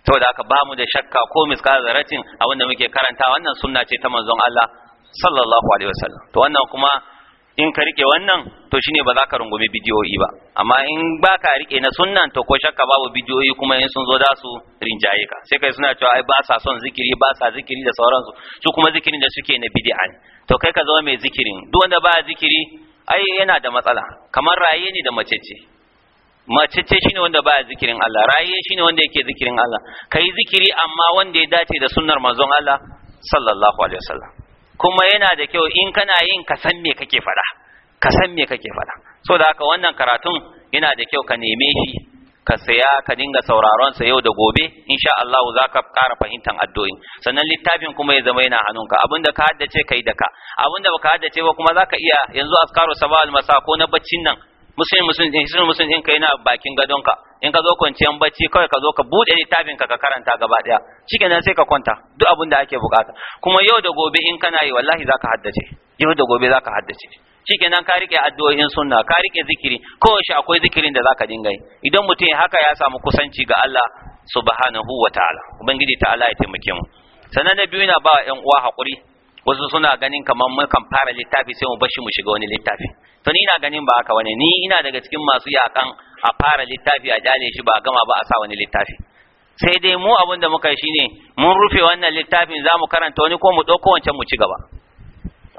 saboda haka bamu da shakka ko miskar zaratin a wanda muke karanta wannan sunna ce ta manzon Allah sallallahu alaihi wasallam to wannan kuma in ka rike wannan to shine ba za ka rungume bidiyoyi ba amma in ba ka rike na sunnan to ko shakka babu bidiyoyi kuma in sun zo da su rinjaye ka sai kai suna cewa ai ba sa son zikiri ba sa zikiri da sauransu su kuma zikirin da suke na ne to kai ka zama mai zikirin duk wanda ba zikiri ai yana da matsala kamar raye ne da mace ce mace ce shine wanda baya zikirin Allah raye shine wanda yake zikirin Allah kai zikiri amma wanda ya dace da sunnar manzon Allah sallallahu alaihi wasallam kuma yana da kyau in kana yin ka san me kake faɗa ka san me kake faɗa so da haka wannan karatun yana da kyau ka neme shi ka saya ka dinga sauraron sa yau da gobe insha Allah za ka ƙara fahimtar addu'in sannan littafin kuma ya zama yana hannunka abinda ka haddace kai da ka abinda baka haddace ba kuma za ka iya yanzu askaru sabal masa ko na baccin nan musulmi musulmi din hisnul muslim din ka yana bakin gadonka in ka zo kwanciyan bacci kawai ka zo ka bude littafin ka ka karanta gaba daya shikenan sai ka kwanta duk abin da ake bukata kuma yau da gobe in kana yi wallahi zaka haddace yau da gobe zaka haddace shikenan ka rike addu'o'in sunna ka rike zikiri shi akwai zikirin da zaka dinga yi idan mutum haka ya samu kusanci ga Allah subhanahu wa ta'ala ubangiji ta'ala ya taimake mu sannan na biyu yana ba 'yan uwa haƙuri wasu suna ganin kamar mukan fara littafi sai mu bashi mu shiga wani littafi to ni ina ganin ba haka wani ni ina daga cikin masu yakan a fara littafi a jale shi ba a gama ba a sa wani littafi sai dai mu abin da muka shine mun rufe wannan littafin za mu karanta wani ko mu ɗauko wancan mu ci gaba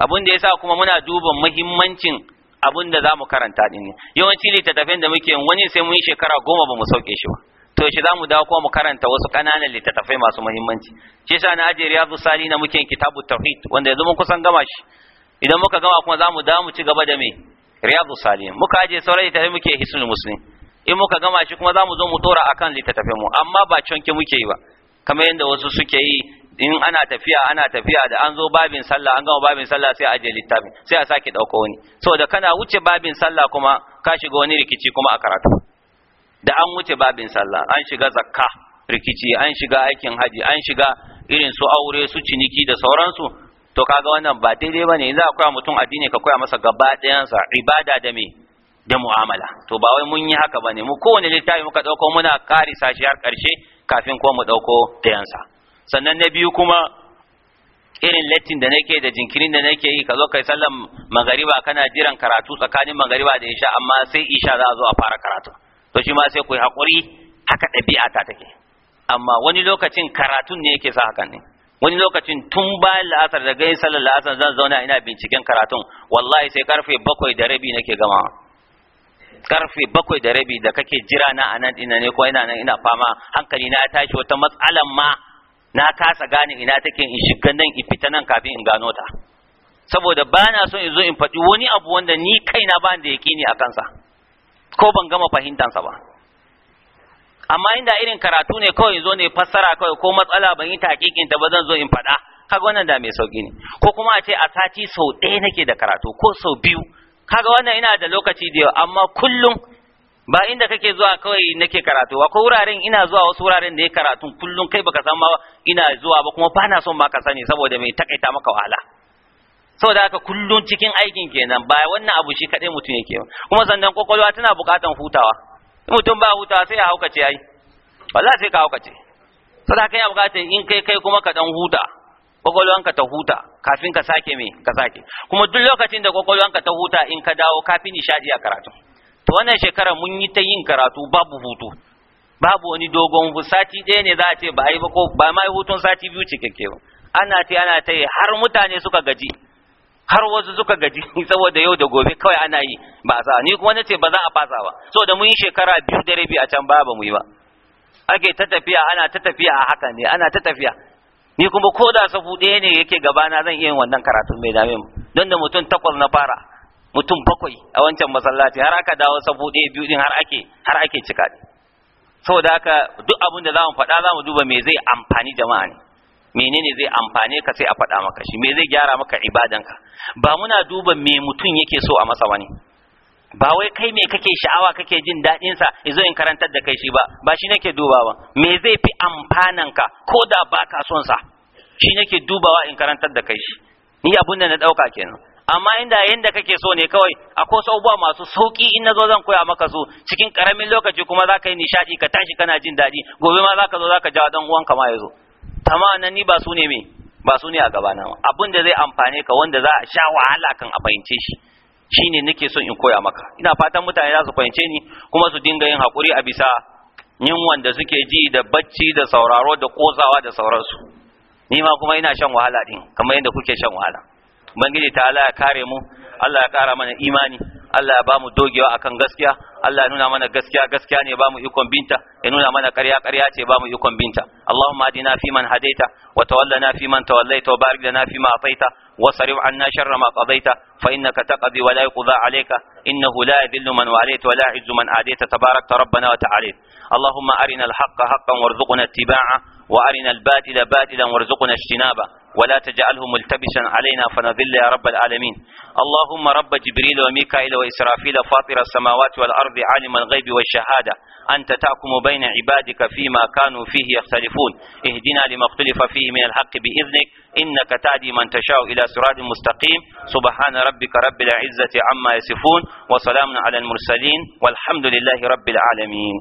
abin da yasa kuma muna duban muhimmancin abin da za mu karanta din ne yawanci littattafin da muke wani sai mun yi shekara goma ba mu sauke shi ba to shi za mu dawo kuma mu karanta wasu ƙananan littattafai masu muhimmanci shi sa na ajiye riyadu sali na muke kitabu tauhid wanda yanzu mun kusan gama shi idan muka gama kuma za mu dawo mu ci gaba da me riyadu sali muka ajiye sauran littattafai muke hisnul muslim in muka gama shi kuma za mu zo mu tora akan littattafai mu amma ba conke muke yi ba kamar yadda wasu suke yi in ana tafiya ana tafiya da an zo babin sallah an gama babin sallah sai a je littafin sai a sake ɗauko wani saboda kana wuce babin sallah kuma ka shiga wani rikici kuma a karatu da an wuce babin sallah an shiga zakka rikici an shiga aikin haji an shiga irin su aure su ciniki da sauransu to kaga wannan ba daidai bane in za a koya mutum addini ka koya masa gaba ɗayansa ibada da me da mu'amala to ba wai mun yi haka bane mu kowane littafi muka ɗauko muna kare sashi har karshe kafin ko mu ɗauko ɗayansa sannan na biyu kuma irin latin da nake da jinkirin da nake yi ka zo kai sallan magariba kana jiran karatu tsakanin magariba da isha amma sai isha za a zo a fara karatu to shi ma sai ku yi haƙuri haka ɗabi'a ta take amma wani lokacin karatun ne yake sa hakan ne wani lokacin tun bayan la'asar da gani sallar la'asar zan zauna ina binciken karatun wallahi sai karfe bakwai da rabi nake gama karfe bakwai da rabi da kake jira na anan ina ne ko ina nan ina fama hankali na tashi wata matsalan ma na kasa gane ina take in shiga nan in fita nan kafin in gano ta saboda bana son so in zo in faɗi wani abu wanda ni kaina ba da yaƙini a kansa ko ban gama fahimtansa ba amma inda irin karatu ne kawai zo ne fassara kawai ko matsala ban yi taƙiƙin ta ba zan zo in faɗa kaga wannan da mai sauƙi ne ko kuma a ce a sati sau ɗaya nake da karatu ko sau biyu kaga wannan ina da lokaci da yawa amma kullum ba inda kake zuwa kawai nake karatu ko wuraren ina zuwa wasu wuraren da ya karatu kullum kai baka san ma ina zuwa ba kuma ba na son ma ka sani saboda mai takaita maka wahala saboda haka kullun cikin aikin kenan ba wannan abu shi kadai mutum yake ba kuma sannan kokolwa tana bukatan hutawa mutum ba hutawa sai ya haukace ai wallahi sai ka haukace saboda haka ya bukatan in kai kai kuma ka dan huta ka ta huta kafin ka sake me ka sake kuma duk lokacin da ka ta huta in ka dawo kafin nishadi a karatu to wannan shekara mun yi ta yin karatu babu hutu babu wani dogon sati ɗaya ne za a ce ba a yi ba ko ba ma hutun sati biyu cikakke ba ana ta ana ta har mutane suka gaji har wasu suka gaji saboda yau da gobe kawai ana yi ba a ni kuma nace ba za a fasa ba saboda mun yi shekara biyu da rabi a can ba ba mu yi ba ake ta tafiya ana ta tafiya a haka ne ana ta tafiya ni kuma ko da safu ɗaya ne yake gabana zan iya yin wannan karatu mai dame mu don da mutum takwas na fara mutum bakwai a wancan masallaci har aka dawo safu ɗaya biyu din har ake har ake cika saboda haka duk abin da za mu faɗa za mu duba me zai amfani jama'a ne menene zai amfane ka sai a faɗa maka shi me zai gyara maka ka? ba muna duba me mutum yake so a masa wani ba wai kai me kake sha'awa kake jin daɗin sa izo in karantar da kai shi ba ba shi nake dubawa me zai fi amfanan ka ko da ba ka son sa shi nake dubawa in karantar da kai shi ni abun na ɗauka kenan amma inda yanda kake so ne kawai akwai sabuwa masu sauki in nazo zan koya maka su cikin karamin lokaci kuma za ka yi nishaɗi ka tashi kana jin daɗi gobe ma za ka zo za ka jawo ɗan uwanka ma ya zo tamanan ni ba su ne me ba su ne a gabana abin da zai amfane ka wanda za a sha wahala kan a fahimce shi shine nake son in koya maka ina fatan mutane za su fahimce ni kuma su dinga yin hakuri a bisa yin wanda suke ji da bacci da sauraro da kosawa da sauransu ni ma kuma ina shan wahala din kamar yadda kuke shan wahala ubangiji ta Allah ya kare mu Allah ya kara mana imani Allah ya bamu dogewa akan gaskiya Allah ya nuna mana gaskiya gaskiya ne bamu ikon binta ya nuna mana ƙarya ƙarya ce bamu ikon binta Allahumma adina fi man hadaita wa tawallana fi man tawallaita wa barik lana fi ma ataita wa sarif anna sharra ma qadaita fa innaka taqdi wa la yuqda alayka innahu la yadhillu man walayta wa la yu'izzu man adaita tabarakta rabbana wa ta'ala Allahumma arina al-haqqa haqqan warzuqna ittiba'a وارنا الباطل باطلا وارزقنا اجتنابه ولا تجعله ملتبسا علينا فنذل يا رب العالمين اللهم رب جبريل وميكائيل وإسرافيل فاطر السماوات والأرض عالم الغيب والشهادة أنت تحكم بين عبادك فيما كانوا فيه يختلفون اهدنا لما اختلف فيه من الحق بإذنك إنك تهدي من تشاء إلى صراط مستقيم سبحان ربك رب العزة عما يصفون وسلام على المرسلين والحمد لله رب العالمين